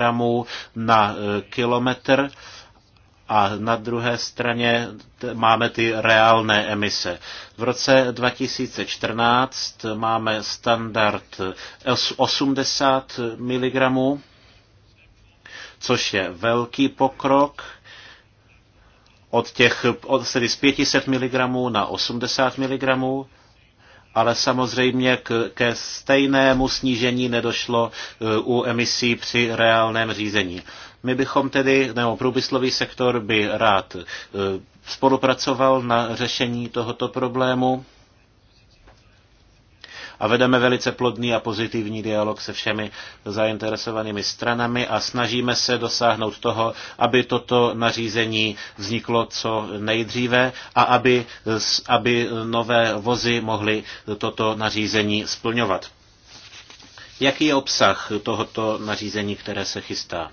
na e, kilometr a na druhé straně máme ty reálné emise. V roce 2014 máme standard 80 mg, což je velký pokrok od těch, od, tedy z 500 mg na 80 mg, ale samozřejmě k, ke stejnému snížení nedošlo eh, u emisí při reálném řízení. My bychom tedy, nebo průmyslový sektor by rád eh, spolupracoval na řešení tohoto problému a vedeme velice plodný a pozitivní dialog se všemi zainteresovanými stranami a snažíme se dosáhnout toho, aby toto nařízení vzniklo co nejdříve a aby, aby nové vozy mohly toto nařízení splňovat. Jaký je obsah tohoto nařízení, které se chystá?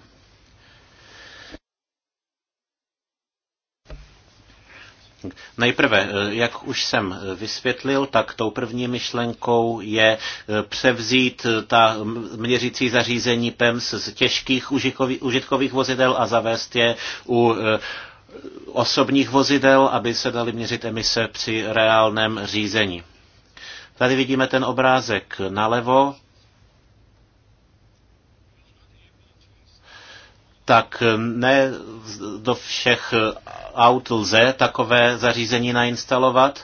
Nejprve, eh, jak už jsem eh, vysvětlil, tak tou první myšlenkou je eh, převzít ta měřící zařízení PEMS z těžkých užitkových vozidel a zavést je u osobních vozidel, aby se daly měřit emise při reálném řízení. Tady vidíme ten obrázek nalevo, tak ne do všech aut lze takové zařízení nainstalovat.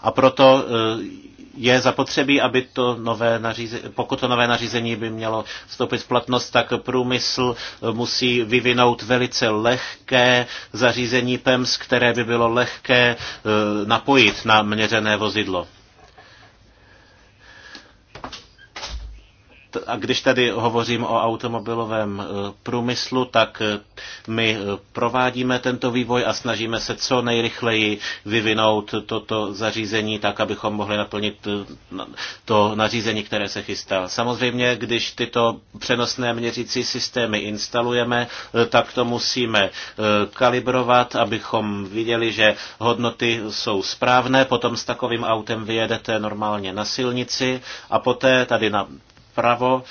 A proto eh, je zapotřebí, aby to nové nařízení, pokud to nové nařízení by mělo vstoupit v platnost, tak průmysl eh, musí vyvinout velice lehké zařízení PEMS, které by bylo lehké eh, napojit na měřené vozidlo. a když tady hovořím o automobilovém e, průmyslu, tak e, my e, provádíme tento vývoj a snažíme se co nejrychleji vyvinout toto zařízení tak, abychom mohli naplnit to nařízení, které se chystá. Samozřejmě, když tyto přenosné měřící systémy instalujeme, tak to musíme kalibrovat, abychom viděli, že hodnoty jsou správné, potom s takovým autem vyjedete normálně na silnici a poté tady na vpravo,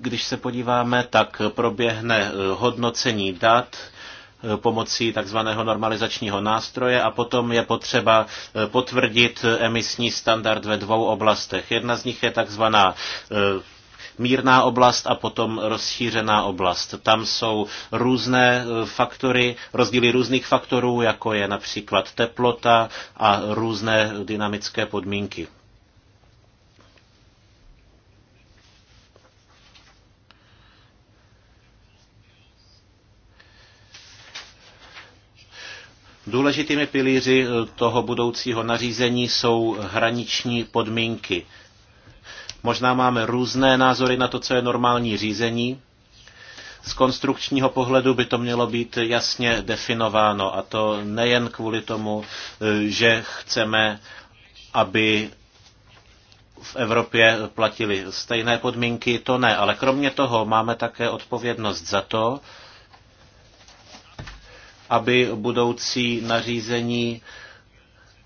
když se podíváme, tak proběhne eh, hodnocení dat eh, pomocí takzvaného normalizačního nástroje a potom je potřeba eh, potvrdit emisní standard ve dvou oblastech. Jedna z nich je takzvaná mírná oblast a potom rozšířená oblast. Tam jsou různé faktory, rozdíly různých faktorů, jako je například teplota a různé dynamické podmínky. Důležitými pilíři eh, toho budoucího nařízení jsou hraniční podmínky. Možná máme různé názory na to, co je normální řízení. Z konstrukčního pohledu by to mělo být jasně definováno, a to nejen kvůli tomu, eh, že chceme, aby v Evropě platili stejné podmínky, to ne, ale kromě toho máme také odpovědnost za to, aby budoucí nařízení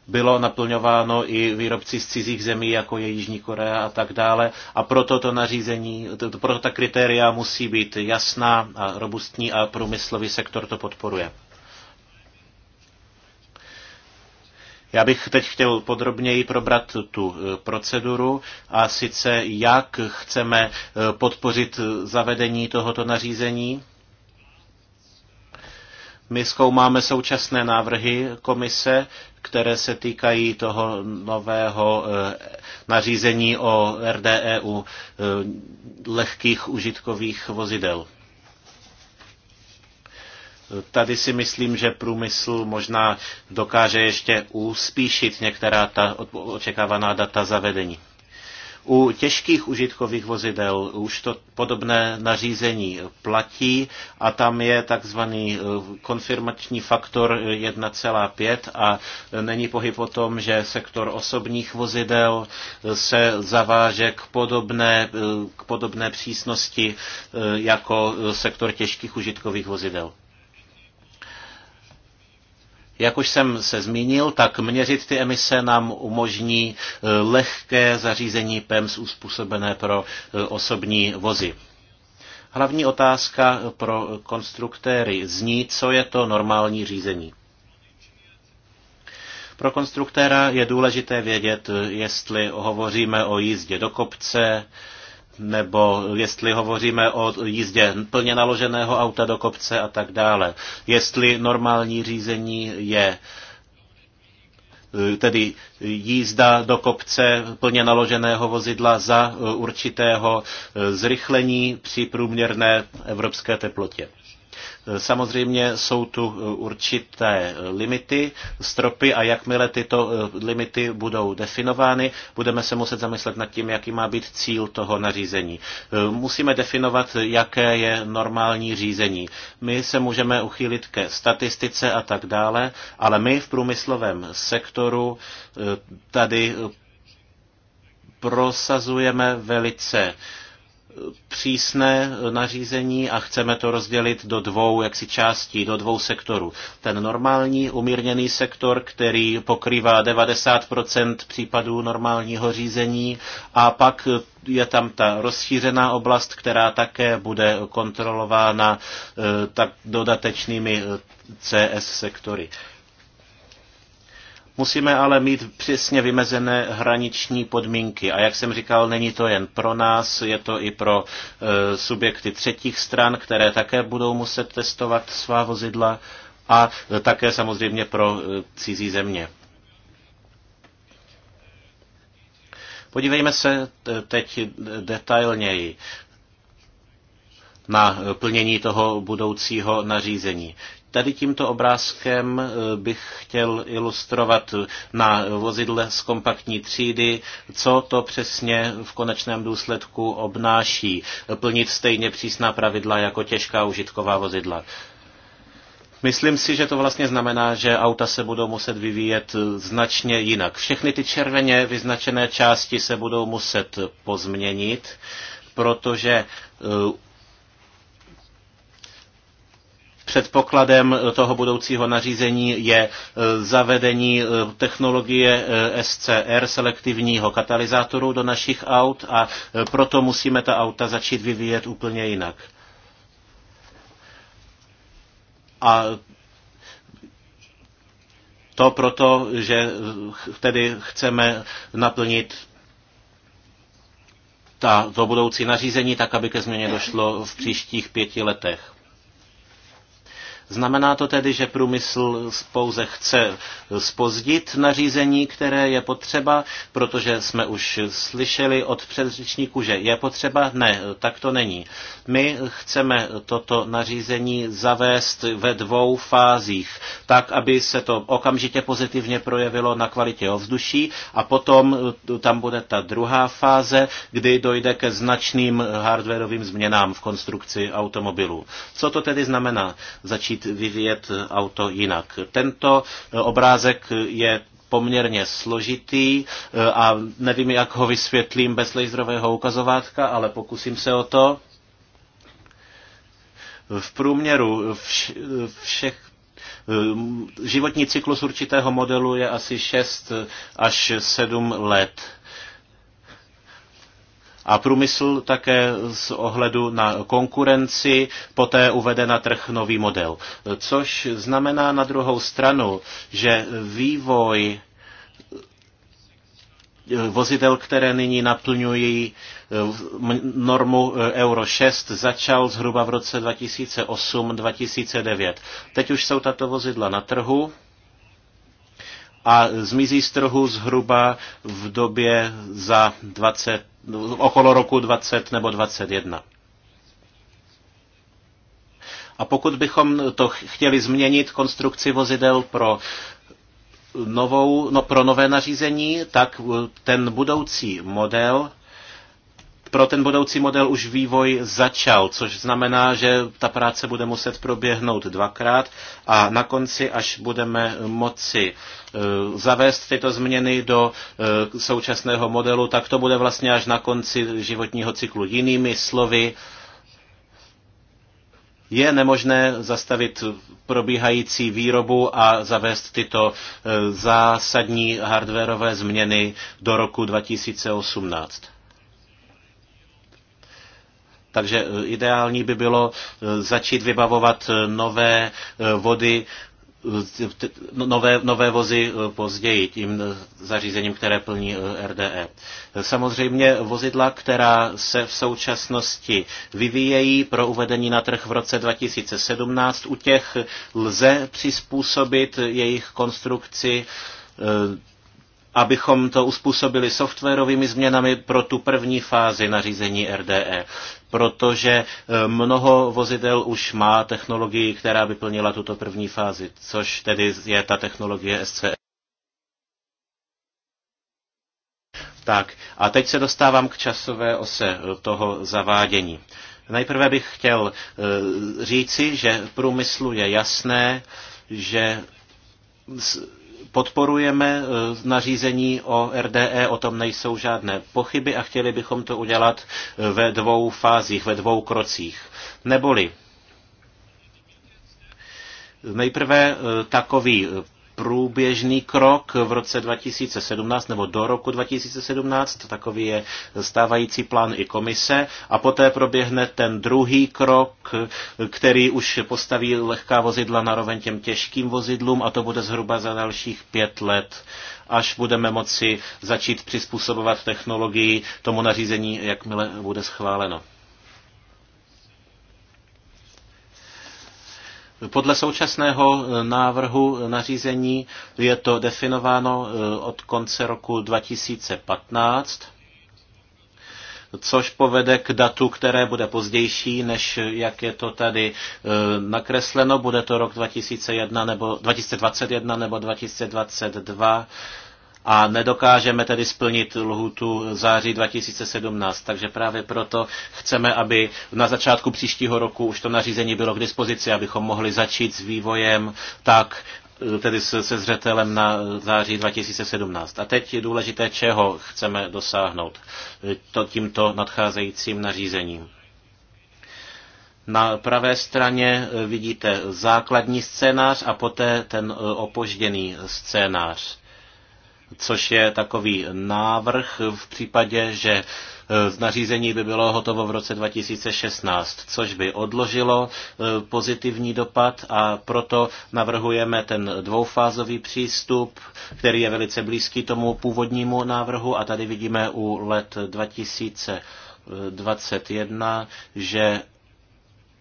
bylo naplňováno i výrobci z cizích zemí, jako je Jižní Korea a tak dále. A proto to nařízení, to, proto ta kritéria musí být jasná a robustní a průmyslový sektor to podporuje. Já bych teď chtěl podrobněji probrat tu eh, proceduru a sice jak chceme eh, podpořit eh, zavedení tohoto nařízení my zkoumáme současné návrhy komise, které se týkají toho nového eh, nařízení o e u eh, lehkých užitkových vozidel. Tady si myslím, že průmysl možná dokáže ještě uspíšit některá ta očekávaná data zavedení. U těžkých užitkových vozidel už to podobné nařízení platí a tam je takzvaný eh, konfirmační faktor 1,5 eh, a není pohyb o tom, že sektor osobních vozidel eh, se zaváže k podobné, k podobné přísnosti jako sektor těžkých užitkových vozidel. Jak už jsem se zmínil, tak měřit ty emise nám umožní eh, lehké zařízení PEMS uspůsobené pro eh, osobní vozy. Hlavní otázka eh, pro konstruktéry zní, co je to normální řízení. Pro konstruktéra je důležité vědět, jestli hovoříme o jízdě do kopce, nebo jestli hovoříme o jízdě plně naloženého auta do kopce a tak dále. Jestli normální řízení je tedy jízda do kopce plně naloženého vozidla za e, určitého e, zrychlení při průměrné evropské teplotě. E, samozřejmě jsou tu určité limity, stropy a jakmile tyto limity budou definovány, budeme se muset zamyslet nad tím, jaký má být cíl toho nařízení. Musíme definovat, jaké je normální řízení. My se můžeme uchýlit ke statistice a tak dále, ale my v průmyslovém sektoru tady prosazujeme velice přísné nařízení a chceme to rozdělit do dvou jaksi částí, do dvou sektorů. Ten normální umírněný sektor, který pokrývá 90% případů normálního řízení a pak je tam ta rozšířená oblast, která také bude kontrolována eh, tak dodatečnými eh, CS sektory. Musíme ale mít přesně vymezené hraniční podmínky. A jak jsem říkal, není to jen pro nás, je to i pro e, subjekty třetích stran, které také budou muset testovat svá vozidla a také samozřejmě pro e, cizí země. Podívejme se e, teď detailněji na plnění toho budoucího nařízení. Tady tímto obrázkem eh, bych chtěl ilustrovat na vozidle z kompaktní třídy, co to přesně v konečném důsledku obnáší plnit stejně přísná pravidla jako těžká užitková vozidla. Myslím si, že to vlastně znamená, že auta se budou muset vyvíjet značně jinak. Všechny ty červeně vyznačené části se budou muset pozměnit, protože eh, Předpokladem toho budoucího nařízení je e, zavedení e, technologie e, SCR, selektivního katalyzátoru do našich aut a proto musíme ta auta začít vyvíjet úplně jinak. A to proto, že tedy chceme naplnit ta, to budoucí nařízení tak, aby ke změně došlo v příštích pěti letech. Znamená to tedy, že průmysl pouze chce spozdit nařízení, které je potřeba, protože jsme už slyšeli od předřečníků, že je potřeba? Ne, tak to není. My chceme toto nařízení zavést ve dvou fázích, tak, aby se to okamžitě pozitivně projevilo na kvalitě ovzduší a potom tam bude ta druhá fáze, kdy dojde ke značným hardwareovým změnám v konstrukci automobilů. Co to tedy znamená? Začít začít vyvíjet auto jinak. Tento eh, obrázek je poměrně složitý eh, a nevím, jak ho vysvětlím bez laserového ukazovátka, ale pokusím se o to. V průměru vš, všech eh, životní cyklus určitého modelu je asi 6 až 7 let a průmysl také z ohledu na konkurenci poté uvede na trh nový model. Což znamená na druhou stranu, že vývoj vozidel, které nyní naplňují eh, normu eh, Euro 6, začal zhruba v roce 2008-2009. Teď už jsou tato vozidla na trhu a zmizí z trhu zhruba v době za 20 okolo roku 20 nebo 21. A pokud bychom to chtěli změnit konstrukci vozidel pro novou, no, pro nové nařízení, tak ten budoucí model pro ten budoucí model už vývoj začal, což znamená, že ta práce bude muset proběhnout dvakrát a na konci, až budeme moci e, zavést tyto změny do e, současného modelu, tak to bude vlastně až na konci životního cyklu. Jinými slovy, je nemožné zastavit probíhající výrobu a zavést tyto e, zásadní hardwareové změny do roku 2018. Takže e, ideální by bylo e, začít vybavovat e, nové vody, no, nové, nové vozy později tím zařízením, které plní RDE. Samozřejmě vozidla, která se v současnosti vyvíjejí pro uvedení na trh v roce 2017, u těch lze přizpůsobit jejich konstrukci abychom to uspůsobili softwarovými změnami pro tu první fázi nařízení RDE, protože e, mnoho vozidel už má technologii, která by plnila tuto první fázi, což tedy je ta technologie SCE. Tak a teď se dostávám k časové ose e, toho zavádění. Nejprve bych chtěl e, říci, že průmyslu je jasné, že podporujeme eh, nařízení o RDE, o tom nejsou žádné pochyby a chtěli bychom to udělat eh, ve dvou fázích, ve dvou krocích. Neboli nejprve eh, takový průběžný krok v roce 2017 nebo do roku 2017, takový je stávající plán i komise, a poté proběhne ten druhý krok, který už postaví lehká vozidla na roveň těm těžkým vozidlům a to bude zhruba za dalších pět let až budeme moci začít přizpůsobovat technologii tomu nařízení, jakmile bude schváleno. Podle současného eh, návrhu nařízení je to definováno eh, od konce roku 2015 což povede k datu, které bude pozdější, než jak je to tady eh, nakresleno. Bude to rok 2001 nebo 2021 nebo 2022 a nedokážeme tedy splnit lhutu září 2017. Takže právě proto chceme, aby na začátku příštího roku už to nařízení bylo k dispozici, abychom mohli začít s vývojem tak, tedy se zřetelem na září 2017. A teď je důležité, čeho chceme dosáhnout to, tímto nadcházejícím nařízením. Na pravé straně eh, vidíte základní scénář a poté ten eh, opožděný scénář což je takový návrh v případě, že e, z nařízení by bylo hotovo v roce 2016, což by odložilo e, pozitivní dopad a proto navrhujeme ten dvoufázový přístup, který je velice blízký tomu původnímu návrhu a tady vidíme u let 2021, že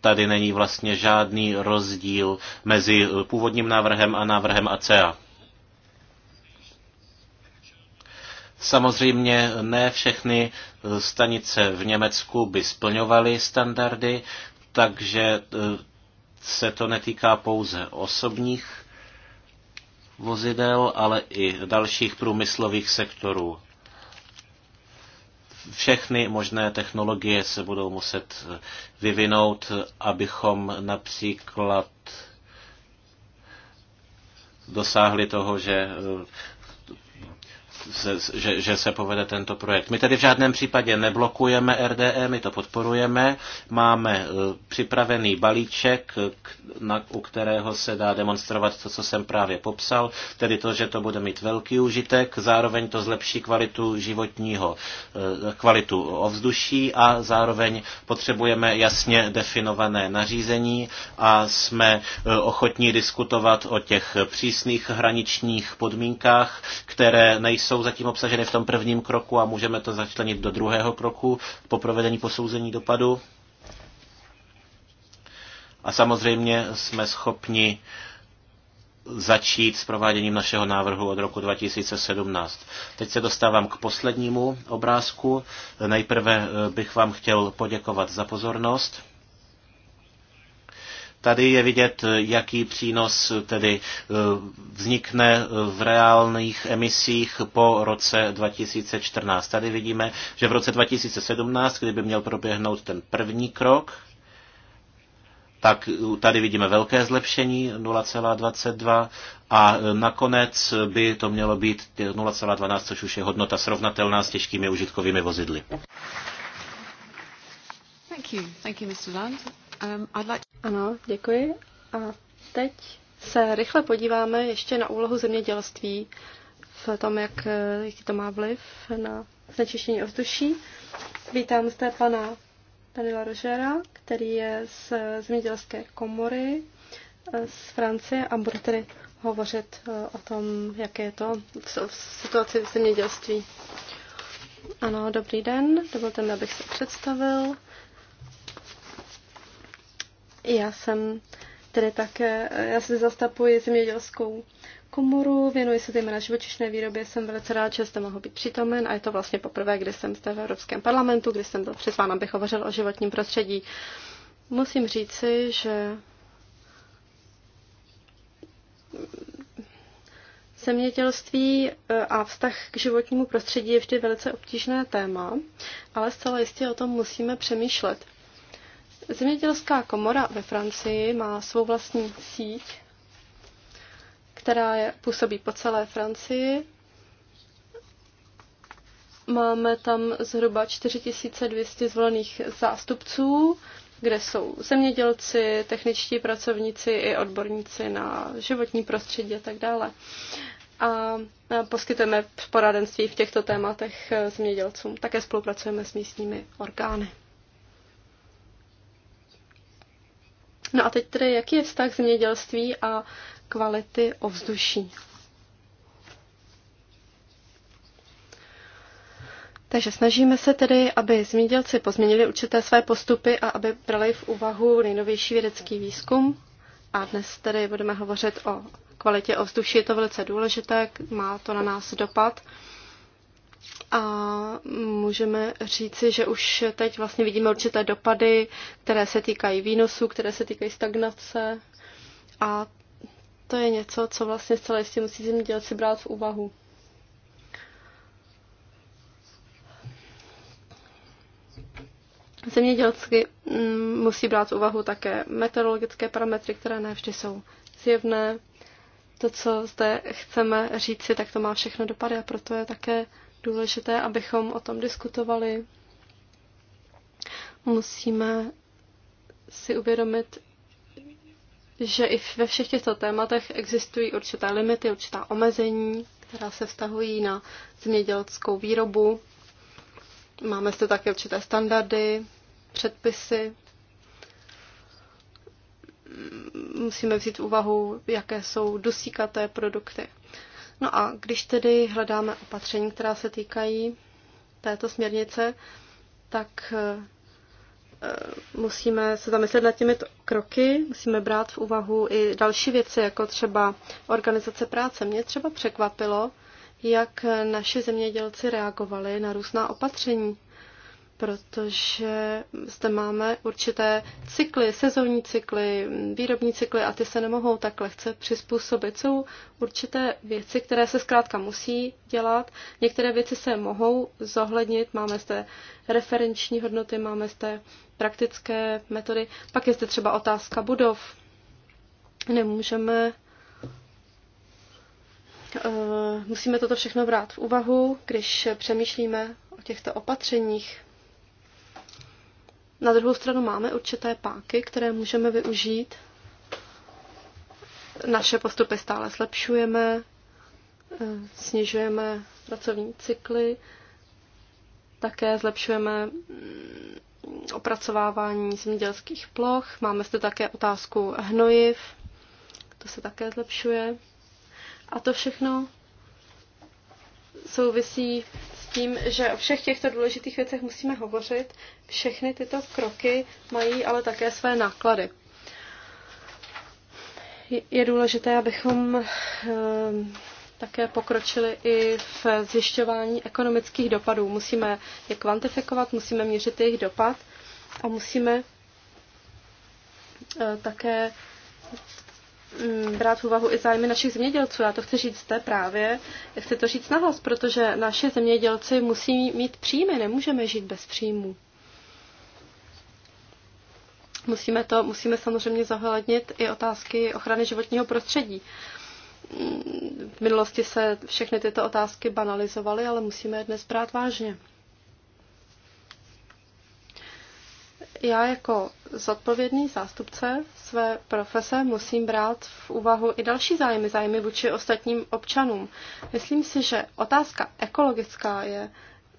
tady není vlastně žádný rozdíl mezi původním návrhem a návrhem ACEA. Samozřejmě ne všechny eh, stanice v Německu by splňovaly standardy, takže eh, se to netýká pouze osobních vozidel, ale i dalších průmyslových sektorů. Všechny možné technologie se budou muset eh, vyvinout, abychom například dosáhli toho, že se, že, že se povede tento projekt. My tedy v žádném případě neblokujeme RDE, my to podporujeme, máme e, připravený balíček, na, u kterého se dá demonstrovat to, co jsem právě popsal, tedy to, že to bude mít velký užitek, zároveň to zlepší kvalitu životního, e, kvalitu ovzduší a zároveň potřebujeme jasně definované nařízení a jsme e, ochotní diskutovat o těch přísných hraničních podmínkách, které nejsou jsou zatím obsaženy v tom prvním kroku a můžeme to začlenit do druhého kroku po provedení posouzení dopadu. A samozřejmě jsme schopni začít s prováděním našeho návrhu od roku 2017. Teď se dostávám k poslednímu obrázku. Nejprve bych vám chtěl poděkovat za pozornost. Tady je vidět, jaký přínos tedy eh, vznikne v reálných emisích po roce 2014. Tady vidíme, že v roce 2017, kdyby měl proběhnout ten první krok, tak tady vidíme velké zlepšení 0,22 a eh, nakonec by to mělo být 0,12, což už je hodnota srovnatelná s těžkými užitkovými vozidly. Thank you. Thank you, Mr. Land. Um, ano, děkuji. A teď se rychle podíváme ještě na úlohu zemědělství v tom, jak, jaký to má vliv na znečištění ovzduší. Vítám zde pana Daniela Rožera, který je z zemědělské komory eh, z Francie a bude tedy hovořit eh, o tom, jaké je to v situaci v zemědělství. Ano, dobrý den, dovolte mi, abych se představil. Já jsem tedy také, já se zastapuji zemědělskou komoru, věnuji se zejména živočišné výrobě, jsem velice rád, že jste mohl být přítomen a je to vlastně poprvé, kdy jsem zde v Evropském parlamentu, kdy jsem byl přizván, abych hovořil o životním prostředí. Musím říci, že zemědělství eh, a vztah k životnímu prostředí je vždy velice obtížné téma, ale zcela jistě o tom musíme přemýšlet. Zemědělská komora ve Francii má svou vlastní síť, která je, působí po celé Francii. Máme tam zhruba 4200 zvolených zástupců, kde jsou zemědělci, techničtí pracovníci i odborníci na životní prostředí a tak dále. A poskytujeme poradenství v těchto tématech eh, zemědělcům. Také spolupracujeme s místními orgány. No a teď tedy, jaký je vztah zemědělství a kvality ovzduší? Takže snažíme se tedy, aby zemědělci pozměnili určité své postupy a aby brali v úvahu nejnovější vědecký výzkum. A dnes tedy budeme hovořit o kvalitě ovzduší. Je to velice důležité, má to na nás dopad. A můžeme říci, že už teď vlastně vidíme určité dopady, které se týkají výnosů, které se týkají stagnace. A to je něco, co vlastně zcela jistě musí zemědělci brát v úvahu. Zemědělci mm, musí brát v úvahu také meteorologické parametry, které ne vždy jsou zjevné. To, co zde chceme říci, tak to má všechno dopady a proto je také důležité, abychom o tom diskutovali. Musíme si uvědomit, že i ve všech těchto tématech existují určité limity, určitá omezení, která se vztahují na zemědělskou výrobu. Máme zde také určité standardy, předpisy. Musíme vzít v úvahu, jaké jsou dusíkaté produkty. No a když tedy hledáme opatření, která se týkají této směrnice, tak eh, eh, musíme se zamyslet nad těmi kroky, musíme brát v úvahu i další věci, jako třeba organizace práce. Mě třeba překvapilo, jak naši zemědělci reagovali na různá opatření protože zde máme určité cykly, sezónní cykly, výrobní cykly a ty se nemohou tak lehce přizpůsobit. Jsou určité věci, které se zkrátka musí dělat, některé věci se mohou zohlednit, máme zde referenční hodnoty, máme zde praktické metody, pak je zde třeba otázka budov. Nemůžeme eh, musíme toto všechno brát v úvahu, když přemýšlíme o těchto opatřeních. Na druhou stranu máme určité páky, které můžeme využít. Naše postupy stále zlepšujeme, eh, snižujeme pracovní cykly, také zlepšujeme mm, opracovávání zemědělských ploch. Máme zde také otázku hnojiv, to se také zlepšuje. A to všechno souvisí tím, že o všech těchto důležitých věcech musíme hovořit. Všechny tyto kroky mají ale také své náklady. Je důležité, abychom ehm, také pokročili i v zjišťování ekonomických dopadů. Musíme je kvantifikovat, musíme měřit jejich dopad a musíme eh, také Mm, brát v úvahu i zájmy našich zemědělců. Já to chci říct zde právě, chci to říct nahlas, protože naše zemědělci musí mít příjmy, nemůžeme žít bez příjmu. Musíme, to, musíme samozřejmě zohlednit i otázky ochrany životního prostředí. Mm, v minulosti se všechny tyto otázky banalizovaly, ale musíme je dnes brát vážně. já jako zodpovědný zástupce své profese musím brát v úvahu i další zájmy, zájmy vůči ostatním občanům. Myslím si, že otázka ekologická je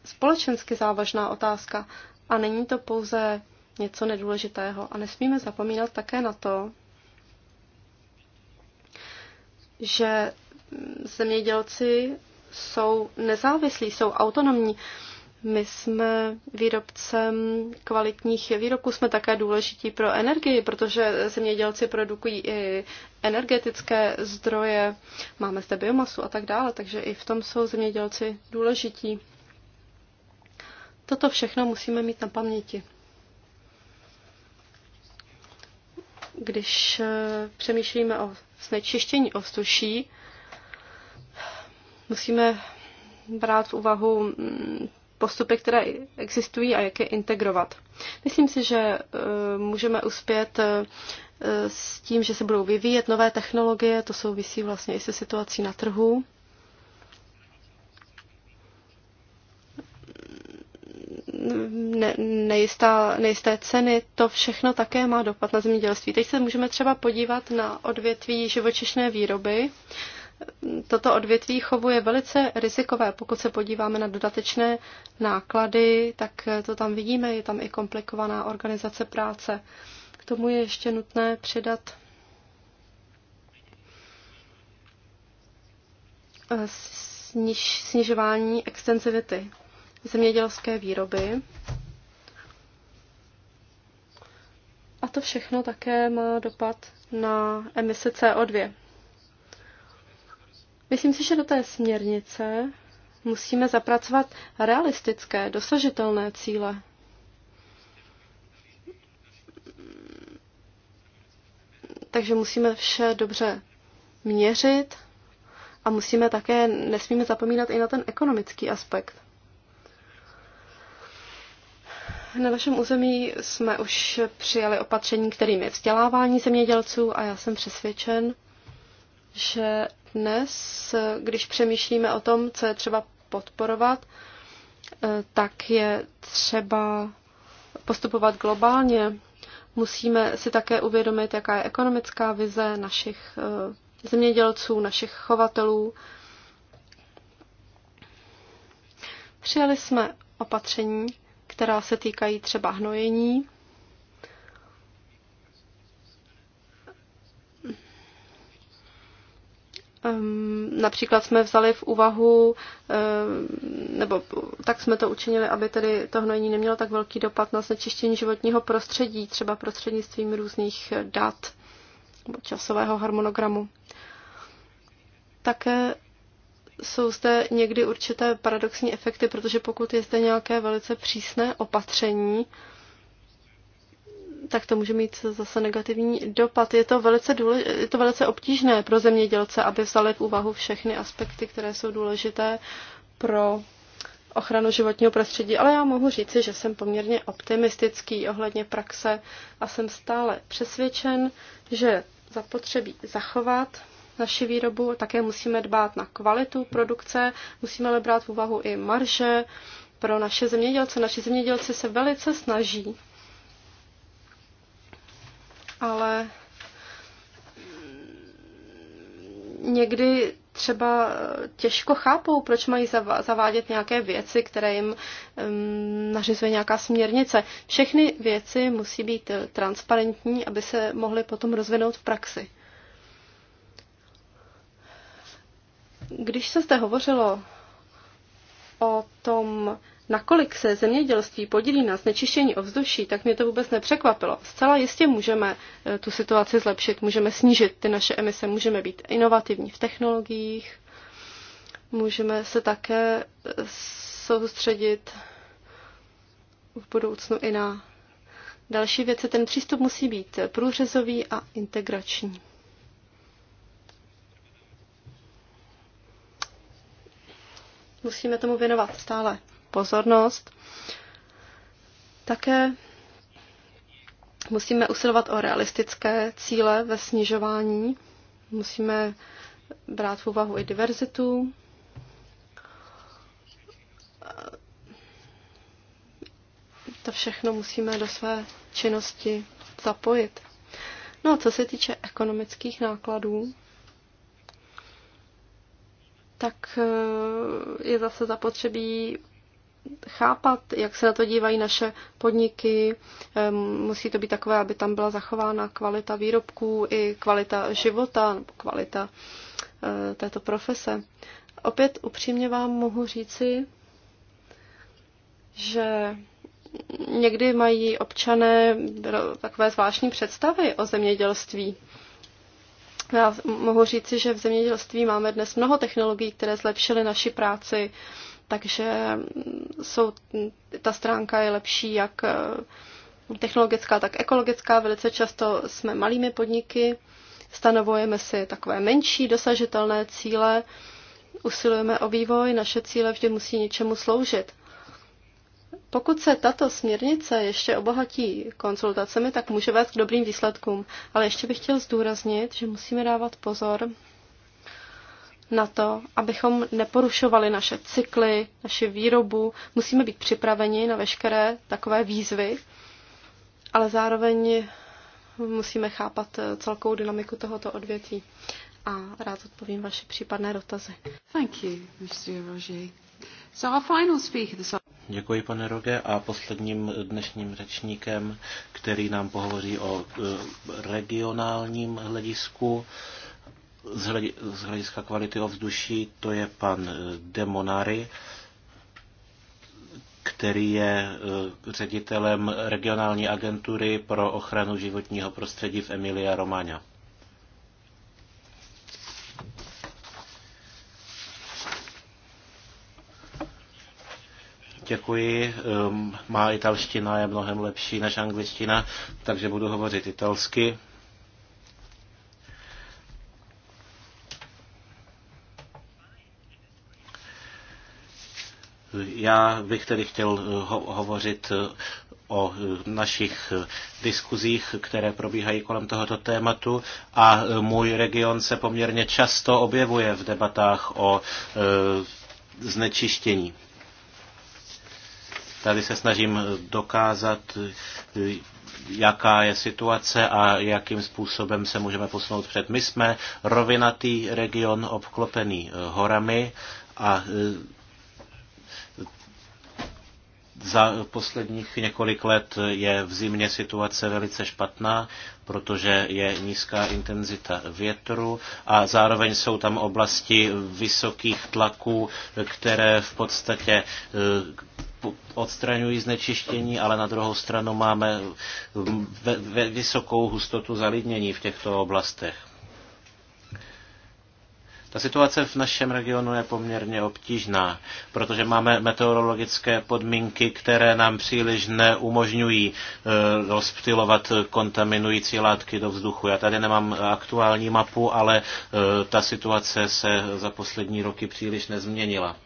společensky závažná otázka a není to pouze něco nedůležitého. A nesmíme zapomínat také na to, že zemědělci jsou nezávislí, jsou autonomní. My jsme výrobcem kvalitních výrobků, jsme také důležití pro energii, protože zemědělci produkují i energetické zdroje, máme zde biomasu a tak dále, takže i v tom jsou zemědělci důležití. Toto všechno musíme mít na paměti. Když eh, přemýšlíme o znečištění ovzduší, musíme brát v úvahu mm, postupy, které existují a jak je integrovat. Myslím si, že e, můžeme uspět e, s tím, že se budou vyvíjet nové technologie, to souvisí vlastně i se situací na trhu. Ne, nejistá, nejisté ceny, to všechno také má dopad na zemědělství. Teď se můžeme třeba podívat na odvětví živočišné výroby toto odvětví chovu je velice rizikové. Pokud se podíváme na dodatečné náklady, tak to tam vidíme, je tam i komplikovaná organizace práce. K tomu je ještě nutné přidat eh, sniž, snižování extenzivity zemědělské výroby. A to všechno také má dopad na emise CO2. Myslím si, že do té směrnice musíme zapracovat realistické, dosažitelné cíle. Takže musíme vše dobře měřit a musíme také, nesmíme zapomínat i na ten ekonomický aspekt. Na našem území jsme už přijali opatření, kterým je vzdělávání zemědělců a já jsem přesvědčen, že dnes, když přemýšlíme o tom, co je třeba podporovat, eh, tak je třeba postupovat globálně. Musíme si také uvědomit, jaká je ekonomická vize našich eh, zemědělců, našich chovatelů. Přijali jsme opatření, která se týkají třeba hnojení. Ehm, například jsme vzali v úvahu, ehm, nebo tak jsme to učinili, aby tedy to hnojení nemělo tak velký dopad na znečištění životního prostředí, třeba prostřednictvím různých dat nebo časového harmonogramu. Také jsou zde někdy určité paradoxní efekty, protože pokud je zde nějaké velice přísné opatření, tak to může mít zase negativní dopad. Je to velice, důlež, je to velice obtížné pro zemědělce, aby vzali v úvahu všechny aspekty, které jsou důležité pro ochranu životního prostředí, ale já mohu říci, že jsem poměrně optimistický ohledně praxe a jsem stále přesvědčen, že zapotřebí zachovat naši výrobu, také musíme dbát na kvalitu produkce, musíme ale brát v úvahu i marže pro naše zemědělce. Naši zemědělci se velice snaží ale někdy třeba těžko chápou, proč mají zavádět nějaké věci, které jim nařizuje nějaká směrnice. Všechny věci musí být eh, transparentní, aby se mohly potom rozvinout v praxi. Když se zde hovořilo o tom, Nakolik se zemědělství podílí na znečištění ovzduší, tak mě to vůbec nepřekvapilo. Zcela jistě můžeme eh, tu situaci zlepšit, můžeme snížit ty naše emise, můžeme být inovativní v technologiích, můžeme se také eh, soustředit v budoucnu i na další věci. Ten přístup musí být průřezový a integrační. Musíme tomu věnovat stále pozornost. Také musíme usilovat o realistické cíle ve snižování. Musíme brát v úvahu i diverzitu. To všechno musíme do své činnosti zapojit. No a co se týče ekonomických nákladů, tak eh, je zase zapotřebí chápat, jak se na to dívají naše podniky. Musí to být takové, aby tam byla zachována kvalita výrobků i kvalita života, nebo kvalita eh, této profese. Opět upřímně vám mohu říci, že někdy mají občané takové zvláštní představy o zemědělství. Já mohu říci, že v zemědělství máme dnes mnoho technologií, které zlepšily naši práci, takže mm, jsou, mm, ta stránka je lepší jak eh, technologická, tak ekologická. Velice často jsme malými podniky, stanovujeme si takové menší dosažitelné cíle, usilujeme o vývoj, naše cíle vždy musí něčemu sloužit. Pokud se tato směrnice ještě obohatí konzultacemi, tak může vést k dobrým výsledkům. Ale ještě bych chtěl zdůraznit, že musíme dávat pozor na to, abychom neporušovali naše cykly, naši výrobu. Musíme být připraveni na veškeré takové výzvy, ale zároveň musíme chápat eh, celkovou dynamiku tohoto odvětví. A rád odpovím vaše případné dotazy. Thank you, Děkuji, pane Roge. A posledním dnešním řečníkem, který nám pohovoří o eh, regionálním hledisku, z hlediska kvality ovzduší, to je pan eh, Demonari, který je eh, ředitelem regionální agentury pro ochranu životního prostředí v Emilia Romagna. Děkuji. Ehm, má italština je mnohem lepší než angličtina, takže budu hovořit italsky. Já bych tedy chtěl eh, ho- hovořit eh, o eh, našich diskuzích, které probíhají kolem tohoto tématu a můj region se poměrně často objevuje v debatách o znečištění. Tady se snažím dokázat, jaká je situace a jakým způsobem se můžeme posunout před. My jsme rovinatý region obklopený horami a za posledních několik let je v zimě situace velice špatná, protože je nízká intenzita větru a zároveň jsou tam oblasti vysokých tlaků, které v podstatě eh, odstraňují znečištění, ale na druhou stranu máme vysokou hustotu zalidnění v těchto oblastech. Ta situace v našem regionu je poměrně obtížná, protože máme meteorologické podmínky, které nám příliš neumožňují eh, rozptilovat kontaminující látky do vzduchu. Já tady nemám aktuální mapu, ale eh, ta situace se za poslední roky příliš nezměnila.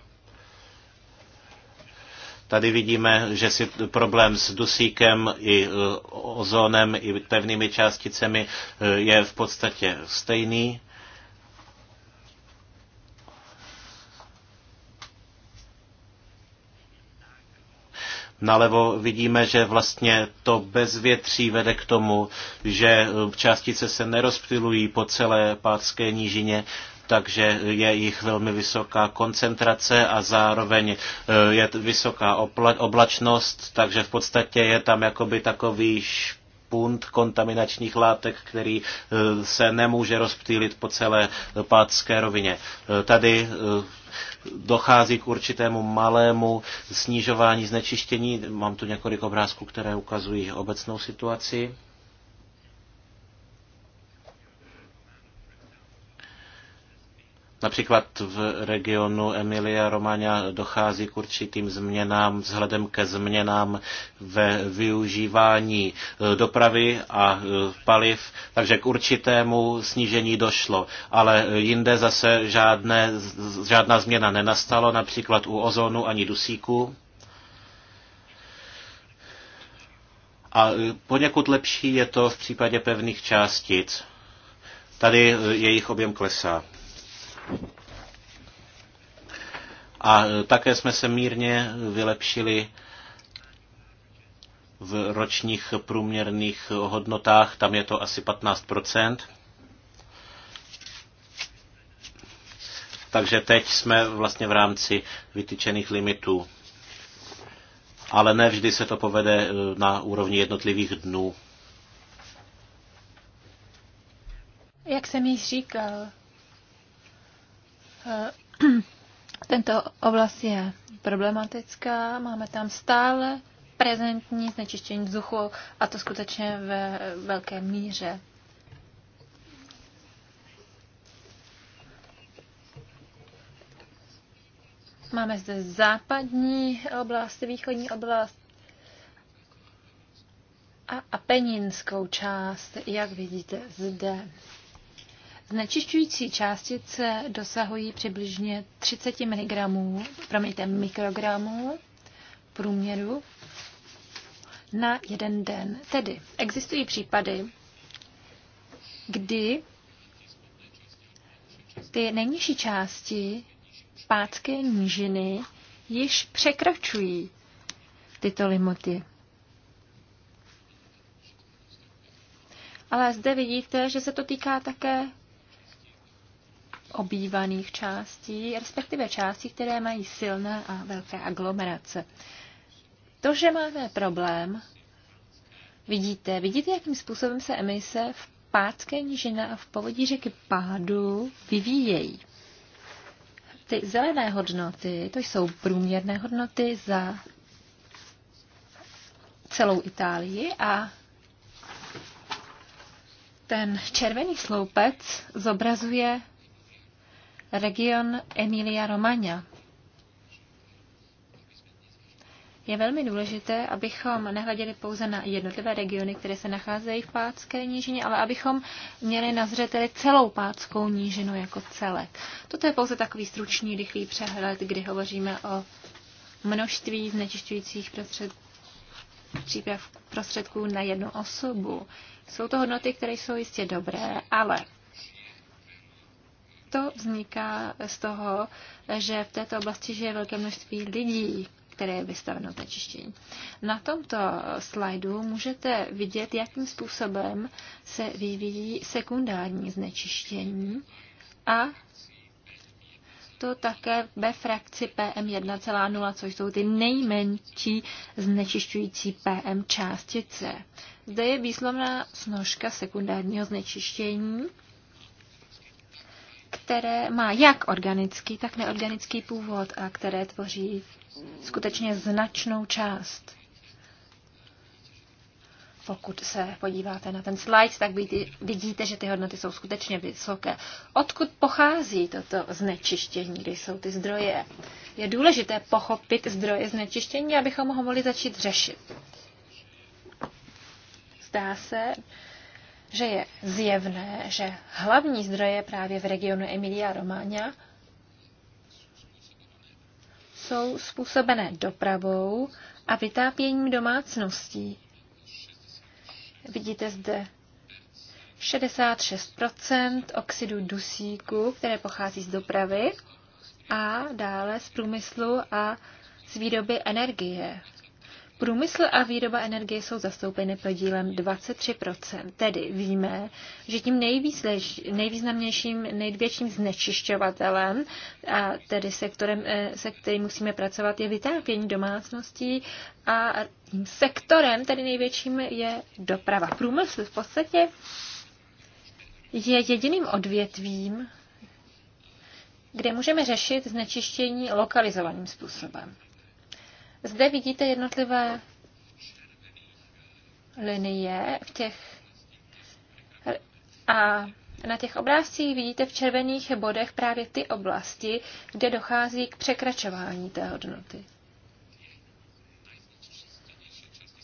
Tady vidíme, že si problém s dusíkem i eh, ozónem i pevnými částicemi je v podstatě stejný. nalevo vidíme, že vlastně to bezvětří vede k tomu, že eh, částice se nerozptilují po celé pátské nížině, takže je jich velmi vysoká koncentrace a zároveň eh, je vysoká oblačnost, takže v podstatě je tam jakoby takový špunt kontaminačních látek, který eh, se nemůže rozptýlit po celé pátské rovině. Tady dochází k určitému malému snižování znečištění. Mám tu několik obrázků, které ukazují obecnou situaci. Například v regionu Emilia Romagna dochází k určitým změnám vzhledem ke změnám ve využívání e, dopravy a e, paliv, takže k určitému snížení došlo. Ale e, jinde zase žádné, žádná změna nenastalo, například u ozonu ani dusíku. A poněkud lepší je to v případě pevných částic. Tady jejich objem klesá. A e, také jsme se mírně vylepšili v ročních průměrných hodnotách, tam je to asi 15 Takže teď jsme vlastně v rámci vytyčených limitů. Ale ne vždy se to povede e, na úrovni jednotlivých dnů. Jak jsem již říkal, Eh, tento oblast je problematická, máme tam stále prezentní znečištění vzduchu a to skutečně ve velké míře. Máme zde západní oblast, východní oblast a Apeninskou část, jak vidíte zde. Znečišťující částice dosahují přibližně 30 mg, promiňte, mikrogramů průměru na jeden den. Tedy existují případy, kdy ty nejnižší části pátské nížiny již překračují tyto limity. Ale zde vidíte, že se to týká také obývaných částí, respektive částí, které mají silné a velké aglomerace. To, že máme problém, vidíte, vidíte, jakým způsobem se emise v Pátské nížina a v povodí řeky Pádu vyvíjejí. Ty zelené hodnoty, to jsou průměrné hodnoty za celou Itálii a ten červený sloupec zobrazuje region Emilia-Romagna. Je velmi důležité, abychom nehleděli pouze na jednotlivé regiony, které se nacházejí v Pátské nížině, ale abychom měli na zřeteli celou Pátskou nížinu jako celek. Toto je pouze takový stručný, rychlý přehled, kdy hovoříme o množství znečišťujících prostředků na jednu osobu. Jsou to hodnoty, které jsou jistě dobré, ale to vzniká z toho, že v této oblasti žije velké množství lidí které je vystaveno znečištění. Na tomto slajdu můžete vidět, jakým způsobem se vyvíjí sekundární znečištění a to také ve frakci PM1,0, což jsou ty nejmenší znečišťující PM částice. Zde je výslovná snožka sekundárního znečištění které má jak organický, tak neorganický původ a které tvoří skutečně značnou část. Pokud se podíváte na ten slide, tak vidíte, že ty hodnoty jsou skutečně vysoké. Odkud pochází toto znečištění, kde jsou ty zdroje? Je důležité pochopit zdroje znečištění, abychom ho mohli začít řešit. Zdá se, že je zjevné, že hlavní zdroje právě v regionu Emilia Romagna jsou způsobené dopravou a vytápěním domácností. Vidíte zde 66 oxidu dusíku, které pochází z dopravy a dále z průmyslu a z výroby energie. Průmysl a výroba energie jsou zastoupeny podílem 23%. Tedy víme, že tím nejvýznamnějším, největším znečišťovatelem, a tedy sektorem, eh, se kterým musíme pracovat, je vytápění domácností a tím sektorem, tedy největším, je doprava. Průmysl v podstatě je jediným odvětvím, kde můžeme řešit znečištění lokalizovaným způsobem. Zde vidíte jednotlivé linie v těch a na těch obrázcích vidíte v červených bodech právě ty oblasti, kde dochází k překračování té hodnoty.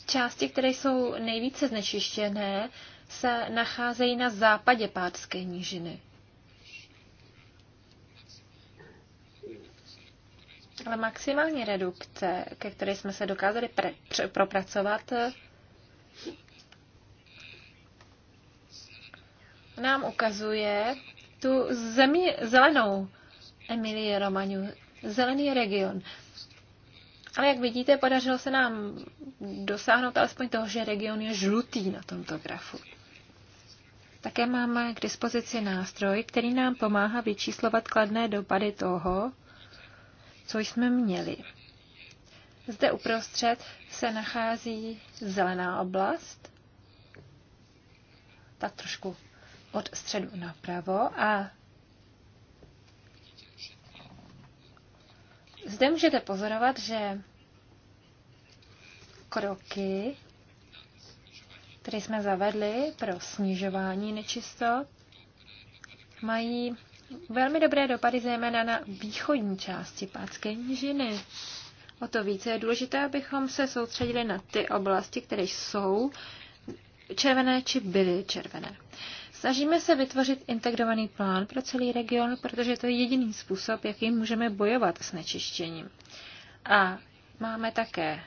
Části, které jsou nejvíce znečištěné, se nacházejí na západě Pátské nížiny. ale maximální redukce, ke které jsme se dokázali pre, pře, propracovat, nám ukazuje tu zemi zelenou Emilie Romaniu, zelený region. Ale jak vidíte, podařilo se nám dosáhnout alespoň toho, že region je žlutý na tomto grafu. Také máme k dispozici nástroj, který nám pomáhá vyčíslovat kladné dopady toho, co jsme měli. Zde uprostřed se nachází zelená oblast, tak trošku od středu napravo a zde můžete pozorovat, že kroky, které jsme zavedli pro snižování nečistot, mají velmi dobré dopady zejména na východní části Pátské nížiny. O to více je důležité, abychom se soustředili na ty oblasti, které jsou červené či byly červené. Snažíme se vytvořit integrovaný plán pro celý region, protože to je jediný způsob, jakým můžeme bojovat s nečištěním. A máme také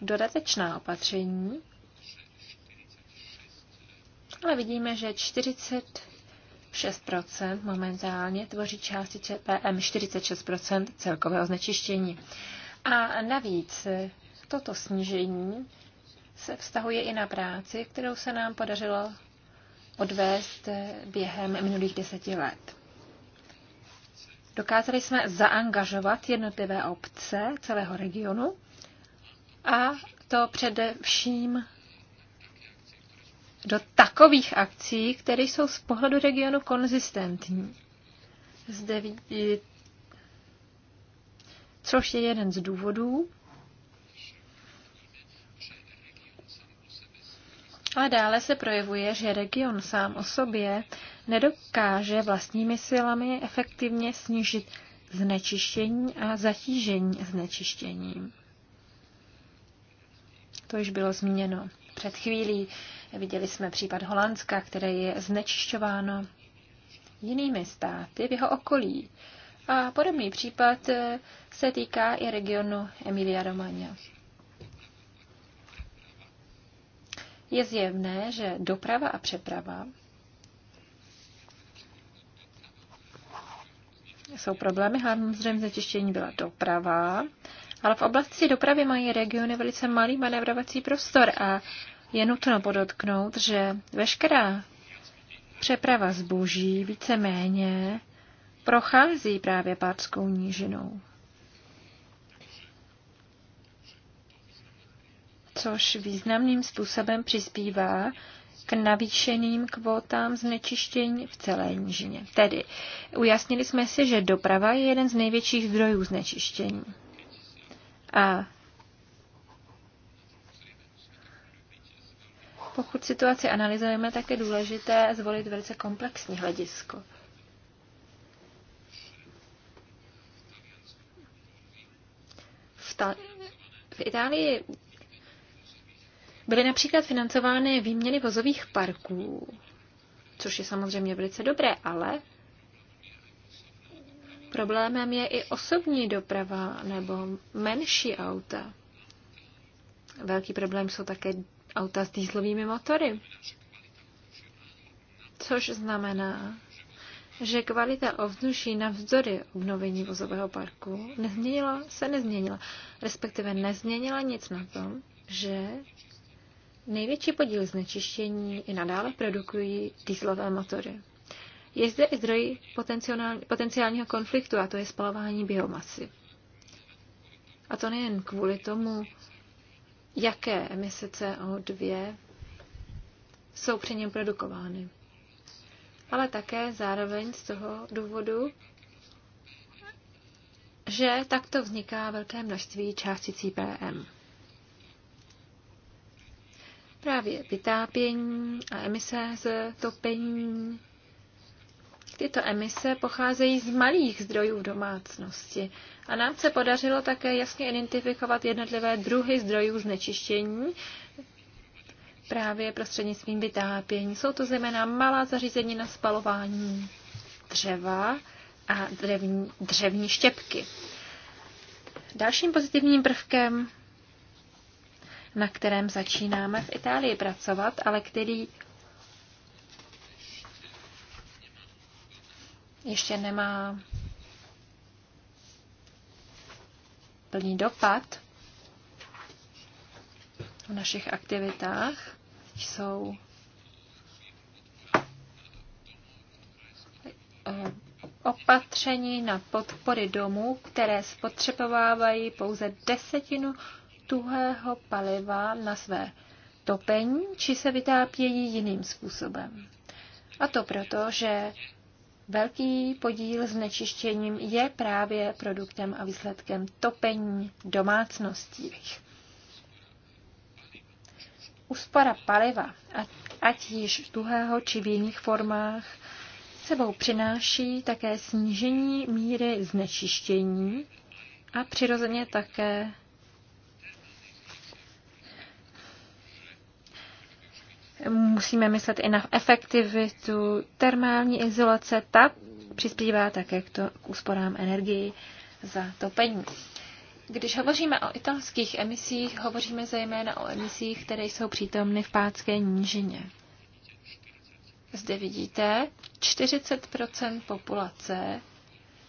dodatečná opatření, ale vidíme, že 40 6% momentálně tvoří částice PM 46% celkového znečištění. A navíc toto snížení se vztahuje i na práci, kterou se nám podařilo odvést během minulých deseti let. Dokázali jsme zaangažovat jednotlivé obce celého regionu a to především do takových akcí, které jsou z pohledu regionu konzistentní. Zde vidí, což je jeden z důvodů. A dále se projevuje, že region sám o sobě nedokáže vlastními silami efektivně snížit znečištění a zatížení znečištěním. To již bylo zmíněno před chvílí. Viděli jsme případ Holandska, které je znečišťováno jinými státy v jeho okolí. A podobný případ eh, se týká i regionu Emilia-Romagna. Je zjevné, že doprava a přeprava jsou problémy. Hlavním zřejmě znečištění byla doprava ale v oblasti dopravy mají regiony velice malý manévrovací prostor a je nutno podotknout, že veškerá přeprava zboží víceméně prochází právě Pátskou nížinou. Což významným způsobem přispívá k navýšeným kvótám znečištění v celé nížině. Tedy ujasnili jsme si, že doprava je jeden z největších zdrojů znečištění. A pokud situaci analyzujeme, tak je důležité zvolit velice komplexní hledisko. V, ta- v Itálii byly například financovány výměny vozových parků, což je samozřejmě velice dobré, ale Problémem je i osobní doprava nebo menší auta. Velký problém jsou také auta s dýzlovými motory. Což znamená, že kvalita ovzduší navzdory obnovení vozového parku nezměnila, se nezměnila. Respektive nezměnila nic na tom, že největší podíl znečištění i nadále produkují dýzlové motory je zde i zdroj potenciálního konfliktu, a to je spalování biomasy. A to nejen kvůli tomu, jaké emise CO2 jsou při něm produkovány, ale také zároveň z toho důvodu, že takto vzniká velké množství částicí PM. Právě vytápění a emise z topení Tyto emise pocházejí z malých zdrojů domácnosti a nám se podařilo také jasně identifikovat jednotlivé druhy zdrojů znečištění právě prostřednictvím vytápění. Jsou to zejména malá zařízení na spalování dřeva a dřevní, dřevní štěpky. Dalším pozitivním prvkem, na kterém začínáme v Itálii pracovat, ale který ještě nemá plný dopad v našich aktivitách, jsou eh, opatření na podpory domů, které spotřebovávají pouze desetinu tuhého paliva na své topení, či se vytápějí jiným způsobem. A to proto, že Velký podíl znečištěním je právě produktem a výsledkem topení domácností. Úspora paliva, ať již tuhého či v jiných formách, sebou přináší také snížení míry znečištění a přirozeně také Musíme myslet i na efektivitu termální izolace. Ta přispívá také k, to, k úsporám energii za topení. Když hovoříme o italských emisích, hovoříme zejména o emisích, které jsou přítomny v pátské nížině. Zde vidíte, 40 populace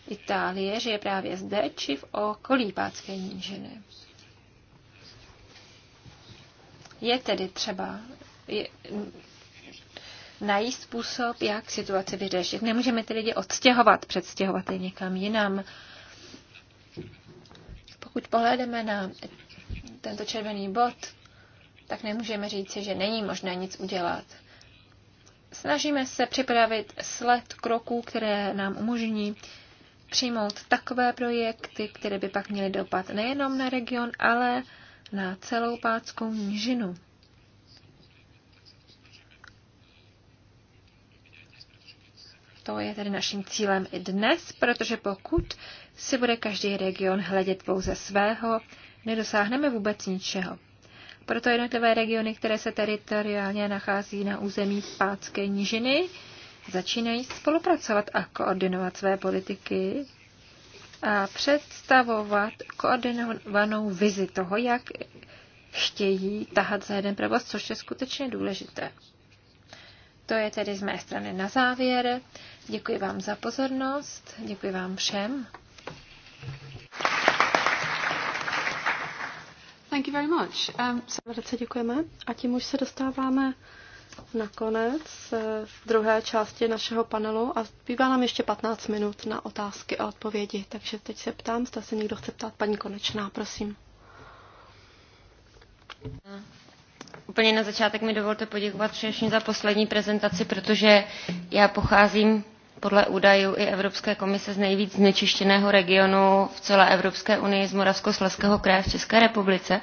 Itálie žije právě zde či v okolí pátské nížiny. Je tedy třeba najít způsob, jak situaci vyřešit. Nemůžeme ty lidi odstěhovat, předstěhovat je někam jinam. Pokud pohledeme na tento červený bod, tak nemůžeme říci, že není možné nic udělat. Snažíme se připravit sled kroků, které nám umožní přijmout takové projekty, které by pak měly dopad nejenom na region, ale na celou pátskou nížinu. To je tedy naším cílem i dnes, protože pokud si bude každý region hledět pouze svého, nedosáhneme vůbec ničeho. Proto jednotlivé regiony, které se teritoriálně nachází na území Pátské nížiny, začínají spolupracovat a koordinovat své politiky a představovat koordinovanou vizi toho, jak chtějí tahat za jeden provoz, což je skutečně důležité. To je tedy z mé strany na závěr. Děkuji vám za pozornost, děkuji vám všem. Thank you very much. Um, so... Velice děkujeme a tím už se dostáváme na konec eh, druhé části našeho panelu a zbývá nám ještě 15 minut na otázky a odpovědi. Takže teď se ptám, zda se někdo chce ptát paní Konečná, prosím. Eh, úplně na začátek mi dovolte poděkovat především za poslední prezentaci, protože já pocházím podle údajů i Evropské komise z nejvíc znečištěného regionu v celé Evropské unii z Moravskoslezského kraje v České republice.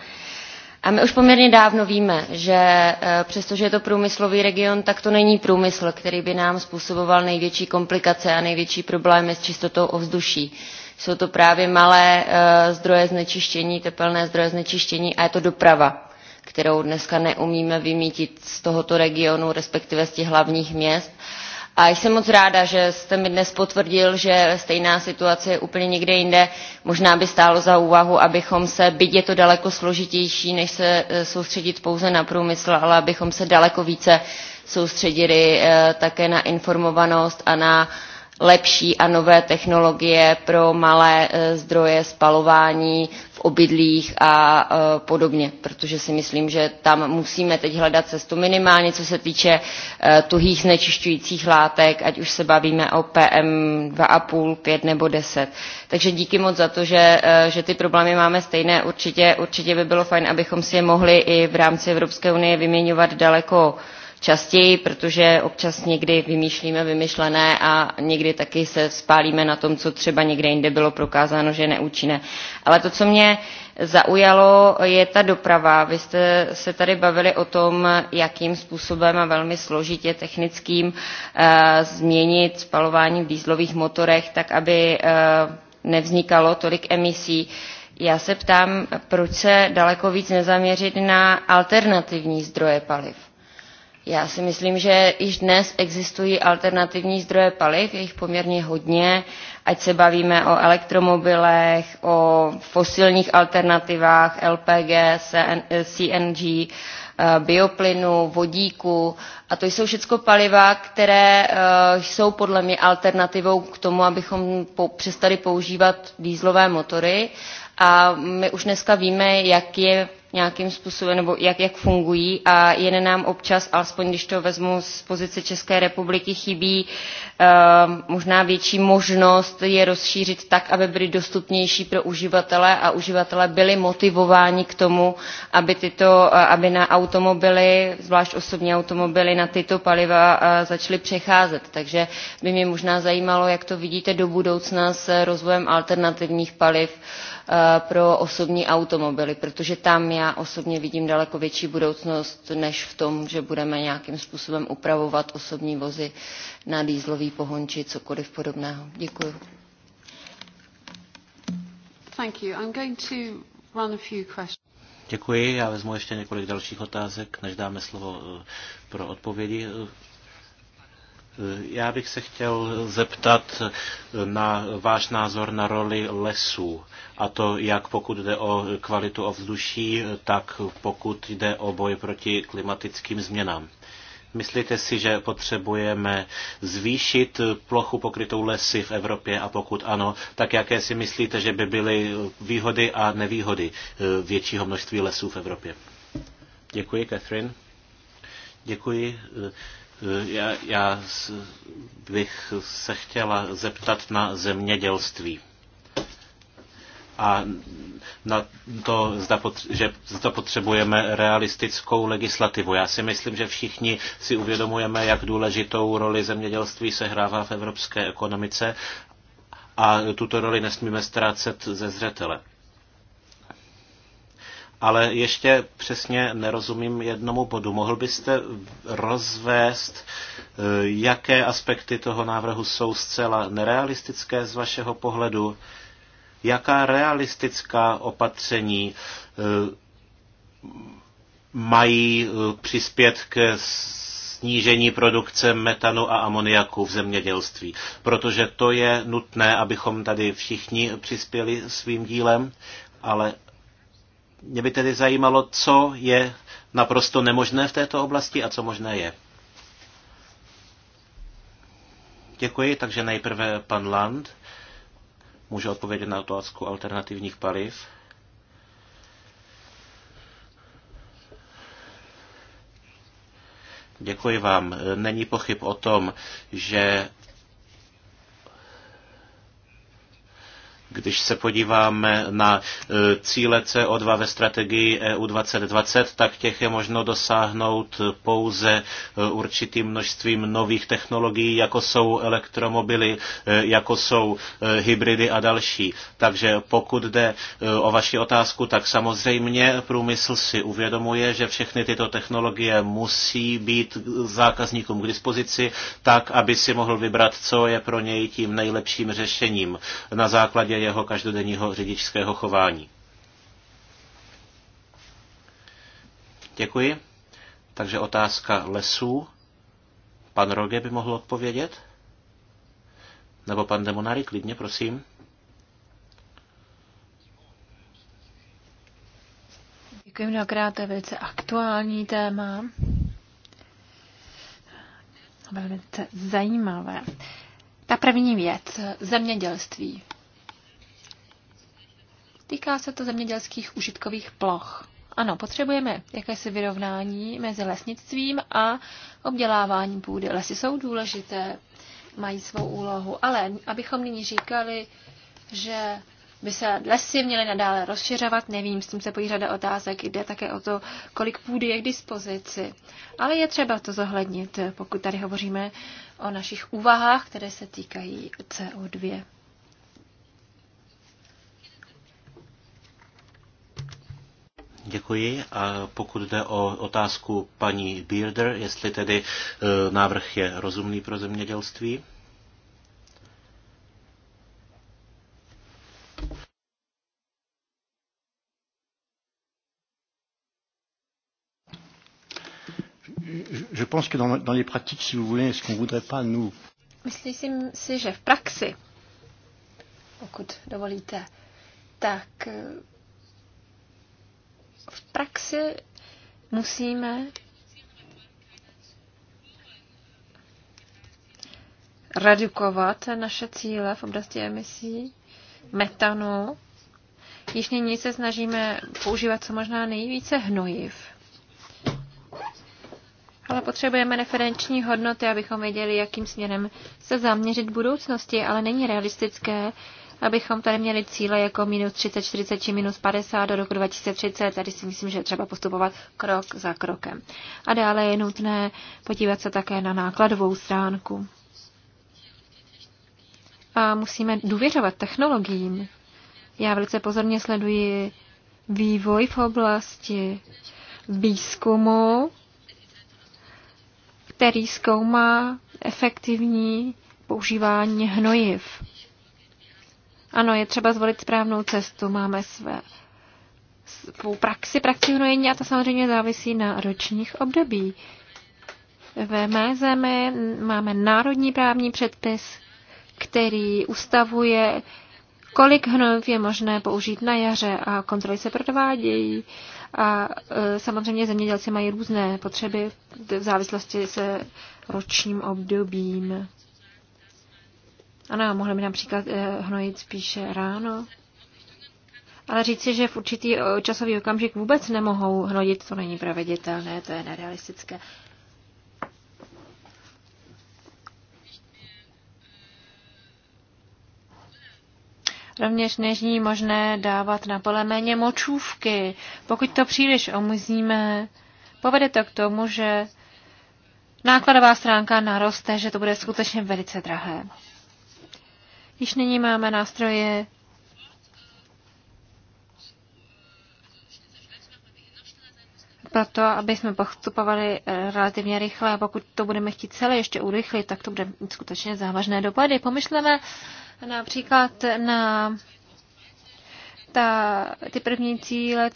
A my už poměrně dávno víme, že e, přestože je to průmyslový region, tak to není průmysl, který by nám způsoboval největší komplikace a největší problémy s čistotou ovzduší. Jsou to právě malé e, zdroje znečištění, tepelné zdroje znečištění a je to doprava, kterou dneska neumíme vymítit z tohoto regionu, respektive z těch hlavních měst a jsem moc ráda že jste mi dnes potvrdil že stejná situace je úplně někde jinde. možná by stálo za úvahu abychom se byť je to daleko složitější než se e, soustředit pouze na průmysl ale abychom se daleko více soustředili e, také na informovanost a na lepší a nové technologie pro malé eh, zdroje spalování v obydlích a eh, podobně, protože si myslím, že tam musíme teď hledat cestu minimálně, co se týče eh, tuhých znečišťujících látek, ať už se bavíme o PM 2,5, 5 nebo 10. Takže díky moc za to, že, že ty problémy máme stejné. Určitě, určitě by bylo fajn, abychom si je mohli i v rámci Evropské unie vyměňovat daleko častěji, protože občas někdy vymýšlíme vymyšlené a někdy taky se spálíme na tom, co třeba někde jinde bylo prokázáno, že je neúčinné. Ale to, co mě zaujalo, je ta doprava. Vy jste se tady bavili o tom, jakým způsobem a velmi složitě technickým eh, změnit spalování v dýzlových motorech, tak aby eh, nevznikalo tolik emisí. Já se ptám, proč se daleko víc nezaměřit na alternativní zdroje paliv? Já si myslím, že již dnes existují alternativní zdroje paliv, je jich poměrně hodně, ať se bavíme o elektromobilech, o fosilních alternativách, LPG, CNG, eh, bioplynu, vodíku. A to jsou všechno paliva, které eh, jsou podle mě alternativou k tomu, abychom přestali používat dýzlové motory. A my už dneska víme, jak je nějakým způsobem, nebo jak, jak fungují a jen nám občas, alespoň když to vezmu z pozice České republiky, chybí uh, možná větší možnost je rozšířit tak, aby byly dostupnější pro uživatele a uživatele byli motivováni k tomu, aby, tyto, uh, aby na automobily, zvlášť osobní automobily, na tyto paliva uh, začaly přecházet. Takže by mě možná zajímalo, jak to vidíte do budoucna s rozvojem alternativních paliv, Eh, pro osobní automobily, protože tam já osobně vidím daleko větší budoucnost, než v tom, že budeme nějakým způsobem upravovat osobní vozy na dýzlový pohon či cokoliv podobného. Děkuji. Thank you. I'm going to run a few questions. Děkuji, já vezmu ještě několik dalších otázek, než dáme slovo eh, pro odpovědi. Já bych se chtěl zeptat na váš názor na roli lesů, a to jak pokud jde o kvalitu ovzduší, tak pokud jde o boj proti klimatickým změnám. Myslíte si, že potřebujeme zvýšit plochu pokrytou lesy v Evropě a pokud ano, tak jaké si myslíte, že by byly výhody a nevýhody eh, většího množství lesů v Evropě? Děkuji, Catherine. Děkuji. Eh, já, já bych se chtěla zeptat na zemědělství a na to, zda potře- že zda potřebujeme realistickou legislativu. Já si myslím, že všichni si uvědomujeme, jak důležitou roli zemědělství se hrává v evropské ekonomice a tuto roli nesmíme ztrácet ze zřetele ale ještě přesně nerozumím jednomu bodu. Mohl byste rozvést, eh, jaké aspekty toho návrhu jsou zcela nerealistické z vašeho pohledu? Jaká realistická opatření eh, mají eh, přispět k snížení produkce metanu a amoniaku v zemědělství, protože to je nutné, abychom tady všichni přispěli svým dílem, ale mě by tedy zajímalo, co je naprosto nemožné v této oblasti a co možné je. Děkuji, takže nejprve pan Land může odpovědět na otázku alternativních paliv. Děkuji vám. Není pochyb o tom, že Když se podíváme na e, cíle CO2 ve strategii EU 2020, tak těch je možno dosáhnout pouze e, určitým množstvím nových technologií, jako jsou elektromobily, e, jako jsou hybridy a další. Takže pokud jde o vaši otázku, tak samozřejmě průmysl si uvědomuje, že všechny tyto technologie musí být zákazníkům k dispozici, tak, aby si mohl vybrat, co je pro něj tím nejlepším řešením na základě jeho každodenního řidičského chování. Děkuji. Takže otázka lesů. Pan Roge by mohl odpovědět? Nebo pan Demonari, klidně, prosím. Děkuji mnohokrát, to je velice aktuální téma. Velice zajímavé. Ta první věc, zemědělství. Týká se to zemědělských užitkových ploch. Ano, potřebujeme jakési vyrovnání mezi lesnictvím a obděláváním půdy. Lesy jsou důležité, mají svou úlohu, ale abychom nyní říkali, že by se lesy měly nadále rozšiřovat, nevím, s tím se pojí řada otázek, jde také o to, kolik půdy je k dispozici. Ale je třeba to zohlednit, pokud tady hovoříme o našich úvahách, které se týkají CO2. Děkuji. A pokud jde o otázku paní Bearder, jestli tedy e, návrh je rozumný pro zemědělství? Je pense que dans, les pratiques, si vous voulez, ce qu'on voudrait pas nous. Myslím si, že v praxi, pokud dovolíte, tak e, v praxi musíme redukovat naše cíle v oblasti emisí metanu. Již nyní se snažíme používat co možná nejvíce hnojiv. Ale potřebujeme referenční hodnoty, abychom věděli, jakým směrem se zaměřit v budoucnosti, ale není realistické abychom tady měli cíle jako minus 30, 40 či minus 50 do roku 2030. Tady si myslím, že třeba postupovat krok za krokem. A dále je nutné podívat se také na nákladovou stránku. A musíme důvěřovat technologiím. Já velice pozorně sleduji vývoj v oblasti výzkumu, který zkoumá efektivní používání hnojiv. Ano, je třeba zvolit správnou cestu. Máme své svou praxi, praxi hnojení a to samozřejmě závisí na ročních období. Ve mé zemi máme národní právní předpis, který ustavuje, kolik hnojiv je možné použít na jaře a kontroly se provádějí. A e, samozřejmě zemědělci mají různé potřeby v závislosti se ročním obdobím. Ano, mohli by například eh, hnojit spíše ráno. Ale říci, že v určitý eh, časový okamžik vůbec nemohou hnojit, to není praveditelné, to je nerealistické. Rovněž není možné dávat na pole méně močůvky. Pokud to příliš omuzíme, povede to k tomu, že nákladová stránka naroste, že to bude skutečně velice drahé. Již nyní máme nástroje proto, aby jsme postupovali eh, relativně rychle a pokud to budeme chtít celé ještě urychlit, tak to bude mít skutečně závažné dopady. Pomyšleme například na ta, ty první cíle,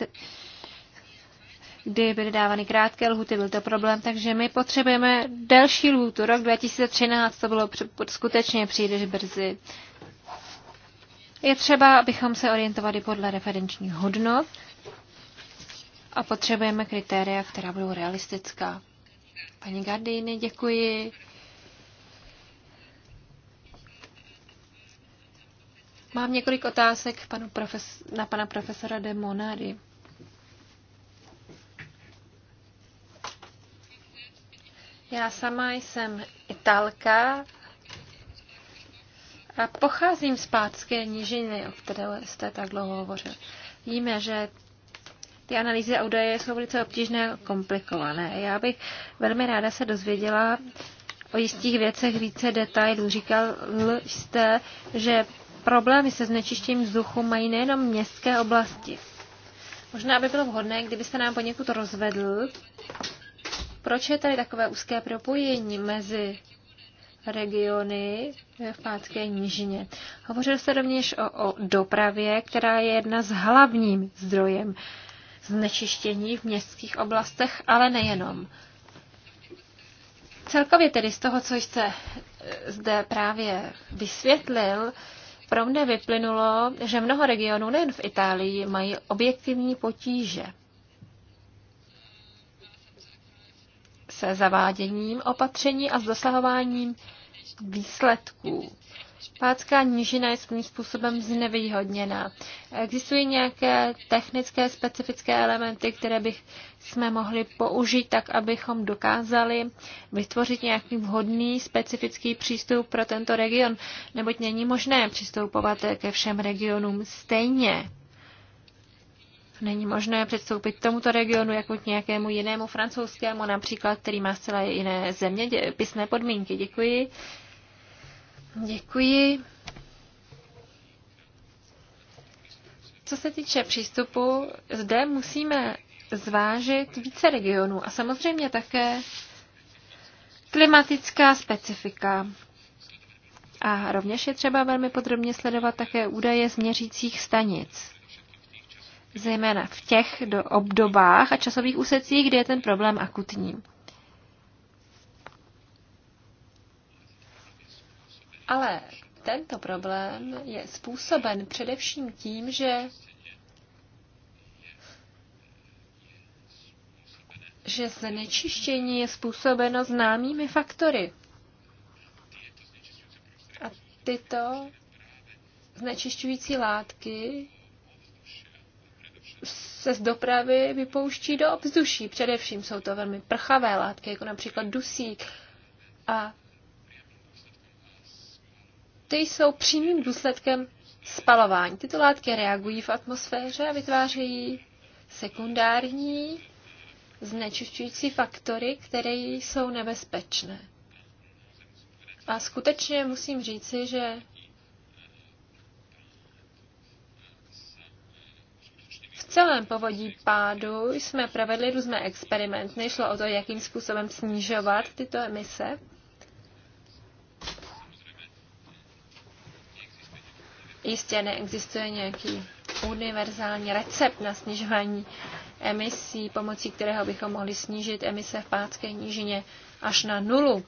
kdy byly dávány krátké lhuty, byl to problém, takže my potřebujeme delší lhutu. Rok 2013 to bylo skutečně příliš brzy. Je třeba, abychom se orientovali podle referenčních hodnot a potřebujeme kritéria, která budou realistická. Paní Gardiny, děkuji. Mám několik otázek panu profes, na pana profesora de Monary. Já sama jsem Italka a pocházím z pátské nížiny, o které jste tak dlouho hovořil. Víme, že ty analýzy a údaje jsou velice obtížné a komplikované. Já bych velmi ráda se dozvěděla o jistých věcech více detailů. Říkal jste, že problémy se znečištěním vzduchu mají nejenom městské oblasti. Možná by bylo vhodné, kdybyste nám poněkud rozvedl, proč je tady takové úzké propojení mezi regiony v Pátské nížině. Hovořil se rovněž o, o dopravě, která je jedna z hlavním zdrojem znečištění v městských oblastech, ale nejenom. Celkově tedy z toho, co jste eh, zde právě vysvětlil, pro mne vyplynulo, že mnoho regionů nejen v Itálii mají objektivní potíže se zaváděním opatření a s dosahováním výsledků. Pátská nížina je svým způsobem znevýhodněná. Existují nějaké technické specifické elementy, které bych jsme mohli použít tak, abychom dokázali vytvořit nějaký vhodný specifický přístup pro tento region, neboť není možné přistupovat ke všem regionům stejně. Není možné předstoupit tomuto regionu jako k nějakému jinému francouzskému, například, který má zcela jiné země, pisné podmínky. Děkuji. Děkuji. Co se týče přístupu, zde musíme zvážit více regionů a samozřejmě také klimatická specifika. A rovněž je třeba velmi podrobně sledovat také údaje z měřících stanic zejména v těch do obdobách a časových úsecích, kde je ten problém akutní. Ale tento problém je způsoben především tím, že že znečištění je způsobeno známými faktory. A tyto znečišťující látky se z dopravy vypouští do obzduší. Především jsou to velmi prchavé látky, jako například dusík. A ty jsou přímým důsledkem spalování. Tyto látky reagují v atmosféře a vytvářejí sekundární znečišťující faktory, které jsou nebezpečné. A skutečně musím říci, že celém povodí pádu jsme provedli různé experimenty. Šlo o to, jakým způsobem snižovat tyto emise. Jistě neexistuje nějaký univerzální recept na snižování emisí, pomocí kterého bychom mohli snížit emise v Pátské nížině až na nulu.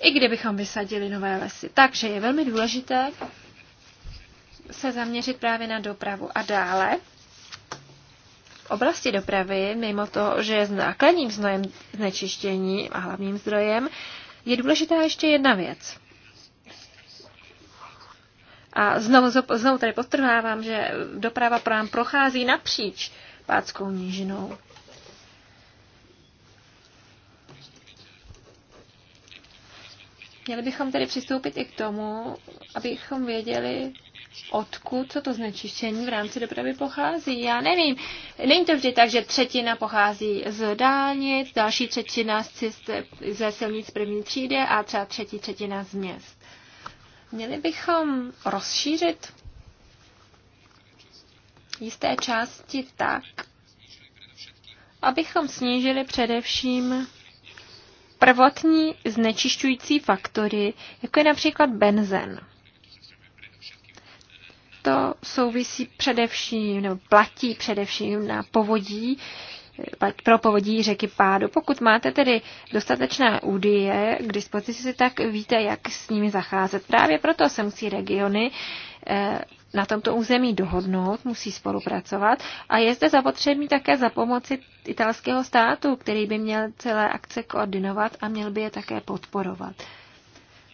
I kdybychom vysadili nové lesy. Takže je velmi důležité, se zaměřit právě na dopravu. A dále v oblasti dopravy, mimo to, že je základním zdrojem znečištění a hlavním zdrojem, je důležitá ještě jedna věc. A znovu, znovu tady potrhávám, že doprava pro nám prochází napříč páckou nížinou. Měli bychom tedy přistoupit i k tomu, abychom věděli, odkud co to znečištění v rámci dopravy pochází. Já nevím. Není to vždy tak, že třetina pochází z dálnic, další třetina z cest ze silnic první třídy a třeba třetí třetina z měst. Měli bychom rozšířit jisté části tak, abychom snížili především prvotní znečišťující faktory, jako je například benzen to souvisí především, nebo platí především na povodí, pro povodí řeky Pádu. Pokud máte tedy dostatečné údie k dispozici, tak víte, jak s nimi zacházet. Právě proto se musí regiony eh, na tomto území dohodnout, musí spolupracovat a je zde zapotřebí také za pomoci italského státu, který by měl celé akce koordinovat a měl by je také podporovat.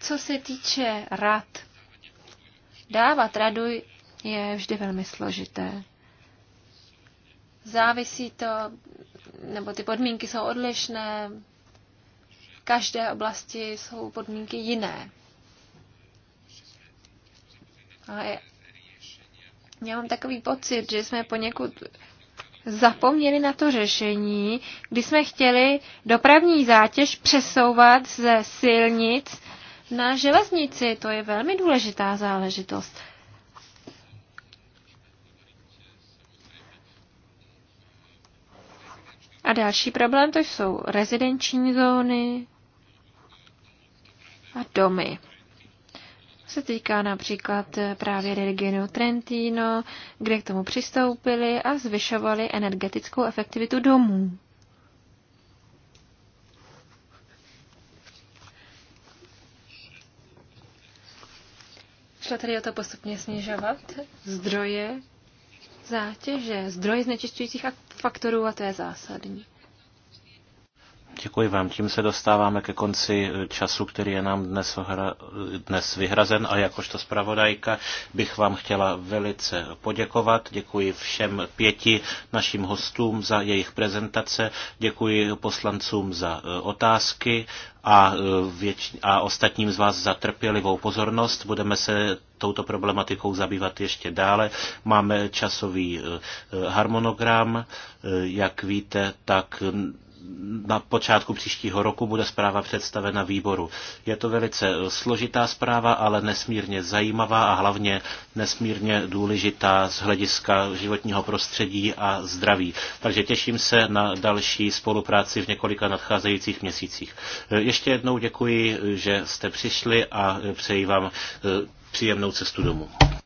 Co se týče rad, dávat radu je vždy velmi složité. Závisí to, nebo ty podmínky jsou odlišné, v každé oblasti jsou podmínky jiné. A já mám takový pocit, že jsme poněkud zapomněli na to řešení, kdy jsme chtěli dopravní zátěž přesouvat ze silnic na železnici. To je velmi důležitá záležitost. A další problém to jsou rezidenční zóny a domy. Se týká například právě regionu Trentino, kde k tomu přistoupili a zvyšovali energetickou efektivitu domů. Šlo tedy o to postupně snižovat zdroje zátěže, zdroje znečišťujících faktorů a to je zásadní. Děkuji vám. Tím se dostáváme ke konci eh, času, který je nám dnes, ohra, dnes vyhrazen a jakožto zpravodajka bych vám chtěla velice poděkovat. Děkuji všem pěti našim hostům za jejich prezentace, děkuji poslancům za eh, otázky a, eh, věč, a ostatním z vás za trpělivou pozornost. Budeme se touto problematikou zabývat ještě dále. Máme časový harmonogram, jak víte, tak na počátku příštího roku bude zpráva představena výboru. Je to velice eh, složitá zpráva, ale nesmírně zajímavá a hlavně nesmírně důležitá z hlediska životního prostředí a zdraví. Takže těším se na další spolupráci v několika nadcházejících měsících. Eh, ještě jednou děkuji, eh, že jste přišli a přeji vám příjemnou cestu domů.